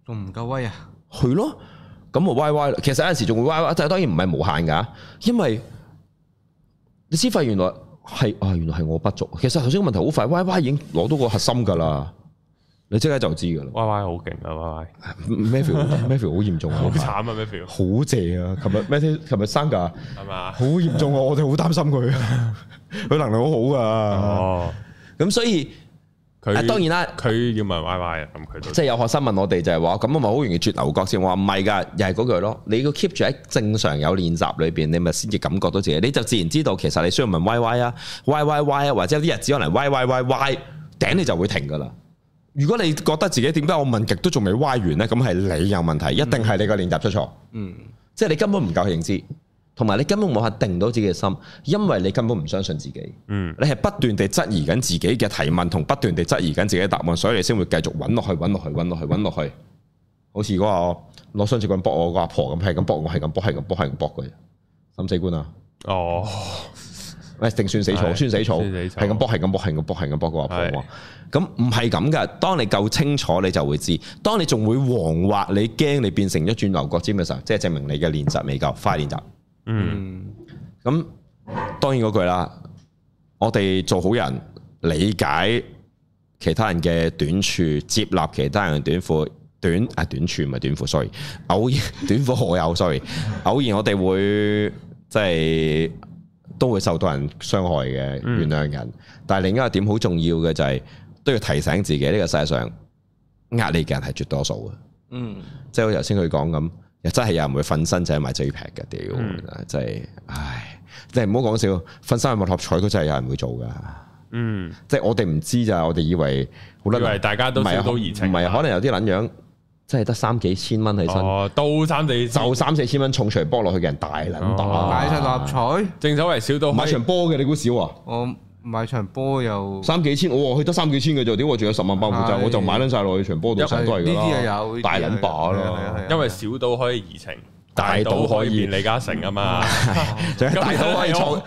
仲唔夠威啊？去咯，咁啊 Y Y，其實有陣時仲會 Y Y，但係當然唔係無限噶，因為你先發現原來係啊，原來係我不足。其實頭先個問題好快，Y Y 已經攞到個核心噶啦。你即刻就知噶啦！Y Y 好勁啊！Y Y、Matthew、Matthew 好嚴重 *laughs* 啊！Matthew、好慘啊！Matthew 好正啊！琴日琴日 Sangha 係嘛？好嚴 *laughs* 重啊！我哋好擔心佢，佢 *laughs* 能力好好噶。咁、哦、所以佢他、啊、當然啦，佢要問 Y Y 啊，咁佢即係有學生問我哋就係話，咁我咪好容易絕牛角先？我話唔係噶，又係嗰句咯。你要 keep 住喺正常有練習裏邊，你咪先至感覺到自己，你就自然知道其實你需要問 Y Y 啊，Y Y Y 啊，或者有啲日子可能 Y Y Y Y 頂你就會停噶啦。如果你覺得自己點解我問極都仲未歪完呢？咁係你有問題，一定係你個練習出錯。嗯，即係你根本唔夠認知，同埋你根本冇法定到自己嘅心，因為你根本唔相信自己。嗯，你係不斷地質疑緊自己嘅提問，同不斷地質疑緊自己嘅答案，所以你先會繼續揾落去，揾落去，揾落去，揾落去，去。好似嗰個攞雙截棍搏我個阿婆咁，係咁搏，我係咁搏，係咁搏，係咁搏佢。審死官啊！哦。喂，定算死草，算死草，係咁搏，係咁搏，係咁搏，係咁搏，佢咁唔係咁噶。當你夠清楚，你就會知。當你仲會妄話，你驚你變成咗轉牛角尖嘅時候，即係證明你嘅練習未夠，快練習。嗯，咁、嗯、當然嗰句啦。我哋做好人，理解其他人嘅短處，接納其他人嘅短褲，短啊短處唔係短褲，sorry 偶然短褲好有，sorry，偶然我哋 *laughs* 會即係。都會受到人傷害嘅，原諒人。嗯、但係另一個點好重要嘅就係、是，都要提醒自己呢、這個世界上，壓你嘅人係絕多數嘅。嗯，即係我頭先佢講咁，又真係有人會瞓身就係買最平嘅屌，真係、嗯即係，唉，你唔好講笑，瞓身買六合彩都真係有人會做噶。嗯，即係我哋唔知咋，我哋以為好多人，以為大家都好熱情，唔係可能有啲撚樣。真係得三幾千蚊起身，哦，到三地就三四千蚊，沖場波落去嘅人大捻打，大場六合彩，正所謂小賭，買場波嘅你估少啊？我買場波有三幾千，我話得三幾千嘅啫，點我仲有十萬包負債？我就買捻晒落去場波度，成日都係噶啦，大捻把啦，因為小賭可以怡情，大賭可以變李嘉誠啊嘛，大賭可以沖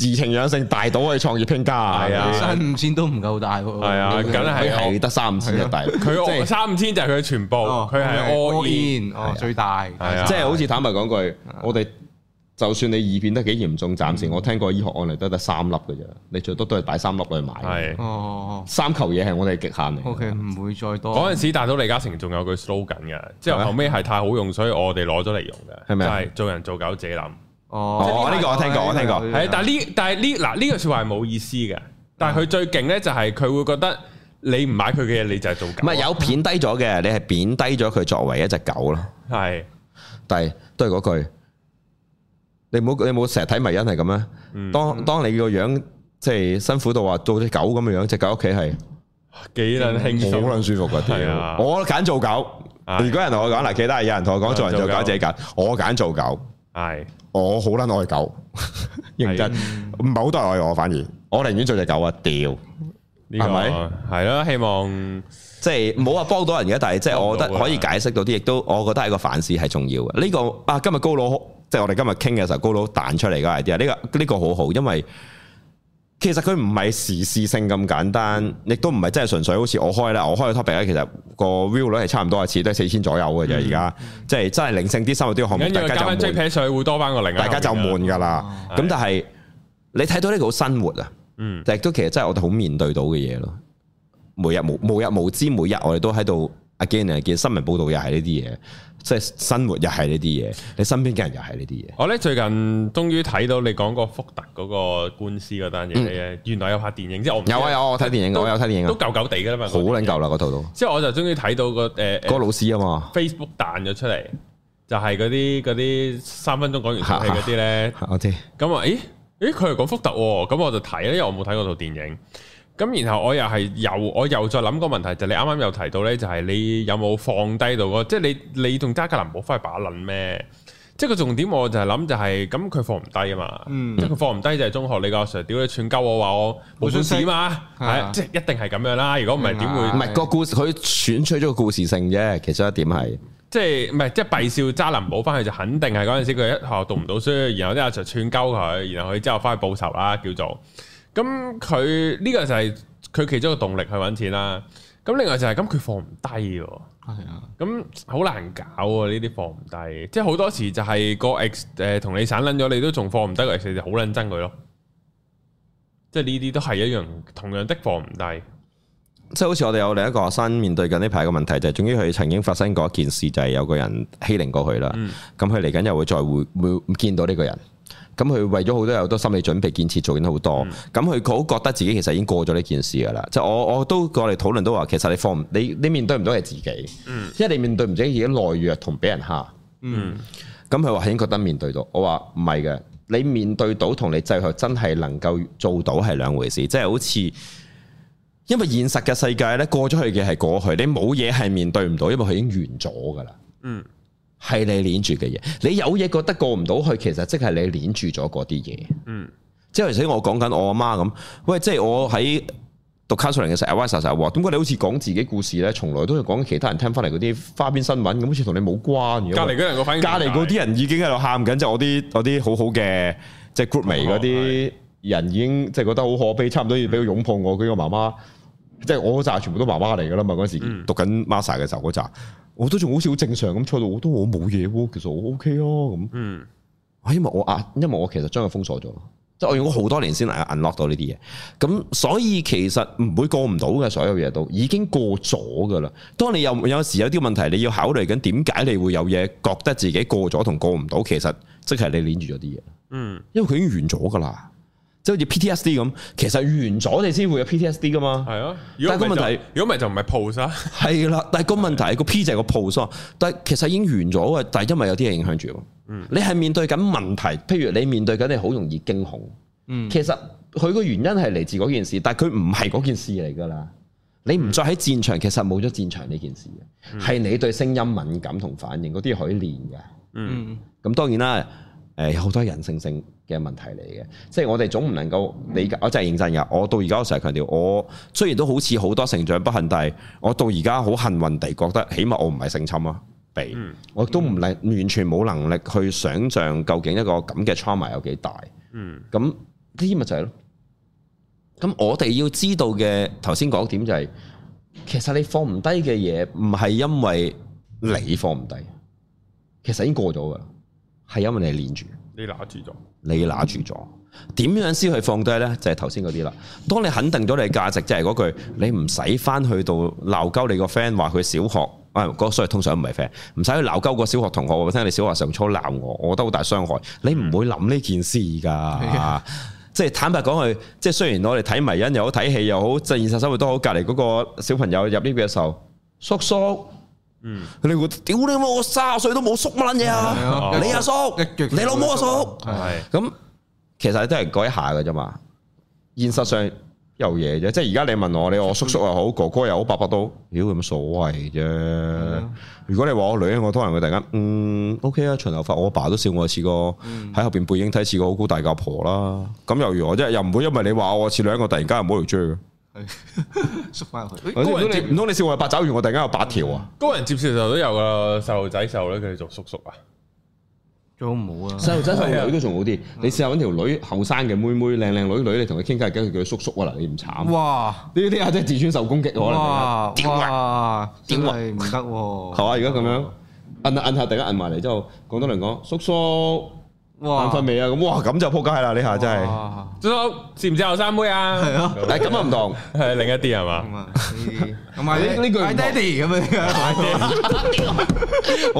自情養性，大到去以創業拼家，係啊，三五千都唔夠大喎，係啊，梗係係得三五千最大，佢即係三五千就係佢全部，佢係 all in 最大，即係好似坦白講句，我哋就算你異變得幾嚴重，暫時我聽過醫學案例都得三粒嘅啫，你最多都係擺三粒去買，係哦，三球嘢係我哋極限嚟，OK，唔會再多。嗰陣時大到李嘉誠仲有句 slogan 嘅，即係後屘係太好用，所以我哋攞咗嚟用嘅，係咪？係做人做狗自己諗。哦，呢個我聽過，我聽過。係，但係呢，但係呢，嗱，呢個說話係冇意思嘅。但係佢最勁咧，就係佢會覺得你唔買佢嘅嘢，你就係做狗。唔係有貶低咗嘅，你係貶低咗佢作為一隻狗咯。係，但係都係嗰句，你唔好，你冇成日睇迷因係咁咩？當當你個樣即係辛苦到話做隻狗咁嘅樣，隻狗屋企係幾撚輕鬆，好撚舒服嘅。係啊，我揀做狗。如果人同我講嗱，其他係有人同我講做人做狗自己揀，我揀做狗。係。我好捻愛狗， *laughs* 認真唔係好多人愛我反而，我寧願做隻狗啊！屌，係咪？係咯，希望即係冇話幫到人嘅，但係即係我覺得可以解釋到啲，亦都我覺得係個反思係重要嘅。呢個啊今日高佬即係我哋今日傾嘅時候，高佬彈出嚟嘅 idea 啊，呢個呢個好好，因為。其實佢唔係時事性咁簡單，亦都唔係真係純粹好似我開啦。我開嘅 topic 咧，其實個 view 率係差唔多一次都係四千左右嘅啫。而家，嗯，即係真係靈性啲生活啲嘅項目，大家就悶。大家就悶噶啦。咁但係你睇到呢個好生活啊，嗯，亦都其實真係我哋好面對到嘅嘢咯。每日無無日無之，每日我哋都喺度。阿健啊，健，新聞報道又係呢啲嘢，即係生活又係呢啲嘢，你身邊嘅人又係呢啲嘢。我咧最近終於睇到你講個福特嗰個官司嗰單嘢，原來有拍電影，即係我有啊有，我睇電影，也我有睇電影都舊舊地噶啦、那個呃、嘛，好撚舊啦嗰套都。即係我就終於睇到個誒，嗰個老師啊嘛，Facebook 彈咗出嚟，就係嗰啲嗰啲三分鐘講完齣戲嗰啲咧。我知、 *laughs* 嗯。咁、嗯、啊，咦、嗯、咦，佢係講福特喎，咁我就睇咧，因為我冇睇嗰套電影。咁然後我又係又我又再諗個問題，就你啱啱又提到咧，就係你有冇放低到，即係你你仲揸架林寶翻去把撚咩？即係個重點，我就係諗就係咁佢放唔低啊嘛，即佢放唔低就係中學你個阿 Sir 屌你串鳩我話我冇故事嘛，係即係一定係咁樣啦。如果唔係點會唔係個故事？佢選取咗個故事性啫。其實一點係即係唔係即係閉笑揸林寶翻去，就肯定係嗰陣時佢一學讀唔到書，然後啲阿 Sir 串鳩佢，然後佢之後翻去報仇啦叫做。咁佢呢個就係佢其中一個動力去揾錢啦，啊。咁另外就係咁佢放唔低喎。係啊。咁好難搞啊！呢啲放唔低，即係好多時就係個 X 誒同你散捻咗，你都仲放唔低個 X，就好撚憎佢咯。即係呢啲都係一樣同樣的放唔低。即係好似我哋有另一個學生面對緊呢排個問題，就係總之佢曾經發生過一件事，就係，是，有個人欺凌過佢啦。咁佢嚟緊又會再會會見到呢個人。咁佢為咗好多有好多心理準備建設做緊好多，咁佢好覺得自己其實已經過咗呢件事噶啦、嗯。即係我我都過嚟討論都話，其實你放你你面對唔到係自己，嗯、因為你面對唔到自己內弱同俾人蝦。嗯，咁佢話已經覺得面對得到，我話唔係嘅，你面對到同你最後真係能夠做到係兩回事。即係好似，因為現實嘅世界呢，過咗去嘅係過去，你冇嘢係面對唔到，因為佢已經完咗噶啦。嗯。係你黏住嘅嘢，你有嘢覺得過唔到去，其實即係你黏住咗嗰啲嘢。嗯，即係頭先我講緊我阿媽咁，喂，即係我喺讀卡索林嘅時候，阿媽就成日話，點解你好似講自己故事咧？從來都係講其他人聽翻嚟嗰啲花邊新聞，咁好似同你冇關。隔離嗰啲人已經喺度喊緊，就是、我啲我啲好好嘅即係 group me 嗰啲人已經即係覺得好可悲，差唔多要俾佢擁抱我佢、嗰個媽媽。即係我嗰集全部都媽媽嚟噶啦嘛，嗰時、嗯、讀緊 Master 嘅時候嗰集，我都仲好似好正常咁，坐到我都我冇嘢喎，其實我 O K 啊咁。嗯，因為我啊，因為我其實將佢封鎖咗，即係我用咗好多年先嚟 unlock 到呢啲嘢。咁所以其實唔會過唔到嘅所有嘢都已經過咗噶啦。當你有有時有啲問題，你要考慮緊點解你會有嘢覺得自己過咗同過唔到，其實即係你黏住咗啲嘢。嗯，因為佢已經完咗噶啦。都似 PTSD 咁，其實完咗你先會有 PTSD 噶嘛？係啊，但係個問題，如果唔係就唔係 post 啊。係啦，但係個問題個的 P 就係個 post 啊。但係其實已經完咗嘅，但係因為有啲嘢影響住。嗯，你係面對緊問題，譬如你面對緊你好容易驚恐。嗯，其實佢個原因係嚟自嗰件事，但係佢唔係嗰件事嚟噶啦。你唔再喺戰場，其實冇咗戰場呢件事嘅，係、嗯、你對聲音敏感同反應嗰啲可以練嘅。嗯，咁、嗯、當然啦。誒，好多人性性嘅問題嚟嘅，即係我哋總唔能夠理解。我就係認真噶，我到而家我成日強調，我雖然都好似好多成長不幸，但係我到而家好幸運地覺得，起碼我唔係性侵啊，被，我亦都唔能完全冇能力去想象究竟一個咁嘅 trauma 有幾大。嗯，咁呢啲咪就係咯。咁我哋要知道嘅頭先講點就係，其實你放唔低嘅嘢，唔係因為你放唔低，其實已經過咗噶。係因為你係黏住，你拿住咗，你拿住咗，點樣先係放低呢？就係頭先嗰啲啦。當你肯定咗你嘅價值，即係嗰句，你唔使翻去到鬧交。你個 friend 話佢小學，誒、哎，嗰，所以通常唔係 friend，唔使去鬧交個小學同學。我聽你小學上初鬧我，我覺得好大傷害。你唔會諗呢件事噶、嗯，即係坦白講，佢即係雖然我哋睇迷因又好睇戲又好，即係現實生活都好，隔籬嗰個小朋友入呢邊嘅時候，叔叔。嗯，你我屌你媽，我卅歲都冇叔乜撚嘢啊！的你阿叔,叔，你老母阿叔,叔，係咁，其實都係改一下嘅啫嘛。現實上有嘢啫，即係而家你問我，你我叔叔又好，哥哥又好，伯伯都，屌有乜所謂啫？的如果你話我女，我當然會突然間，嗯，OK 啊，長頭髮，我爸都笑我似個喺後邊背影睇似個好高大架婆啦。咁又如何啫，又唔會因為你話我似女，我突然間唔好嚟追。係縮翻入去。高人接唔通，你笑我八爪魚，我突然間有八條啊！高人接時就都有噶，細路仔細路女，佢哋做叔叔啊，仲好唔好啊？細路仔細女都仲好啲。你試下搵條女，後生嘅妹妹，靚靚女女，你同佢傾偈，跟住叫佢叔叔啊！嗱，你唔慘哇？呢啲啊，真係自尊受攻擊啊！哇！點嚟？點嚟？唔得喎！係啊，而家咁樣，摁啊摁下，突然間摁埋嚟之後，廣東人講叔叔。啊、哇，眼瞓未啊？咁哇，咁就撲街啦！呢下真係，叔叔，是唔是後生妹啊？係啊！但係咁啊唔同，係 *laughs* 另一啲係嘛？ *laughs* 是是同埋呢呢句，I 爹哋咁樣，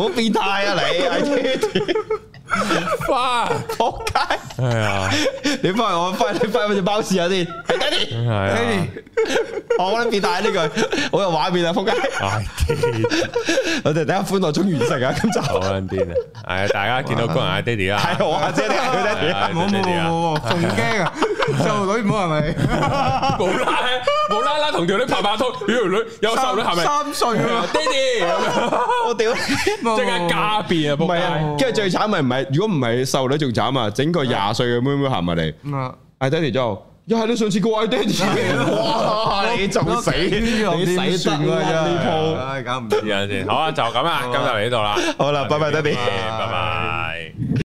好變態啊你，I 爹哋 *laughs* 哇，扑街係啊！你翻嚟，我翻你翻翻隻包試下先，阿爹哋係啊！我諗變大呢句好有畫面啊！扑街，阿爹，我哋等下歡樂中完成啊！咁就好啲啊！係啊！大家見到個人阿爹哋啦，係我阿姐哋，阿爹哋，冇冇冇，仲驚啊！條女唔好係咪？冇啦，冇啦啦同條女拍拍拖，條女又細女係咪？三歲啊！爹哋，我屌，即係加別啊！扑街，跟住最慘咪唔係？如果唔係瘦女仲慘啊，整個廿歲嘅妹妹行埋嚟。阿爹哋之後，又係你上次個阿爹哋。哇，你就死，你死算啦真係。唉，搞唔掂先。好啊，就咁啦，今日就嚟呢度啦。好啦，拜拜，爹哋，拜拜。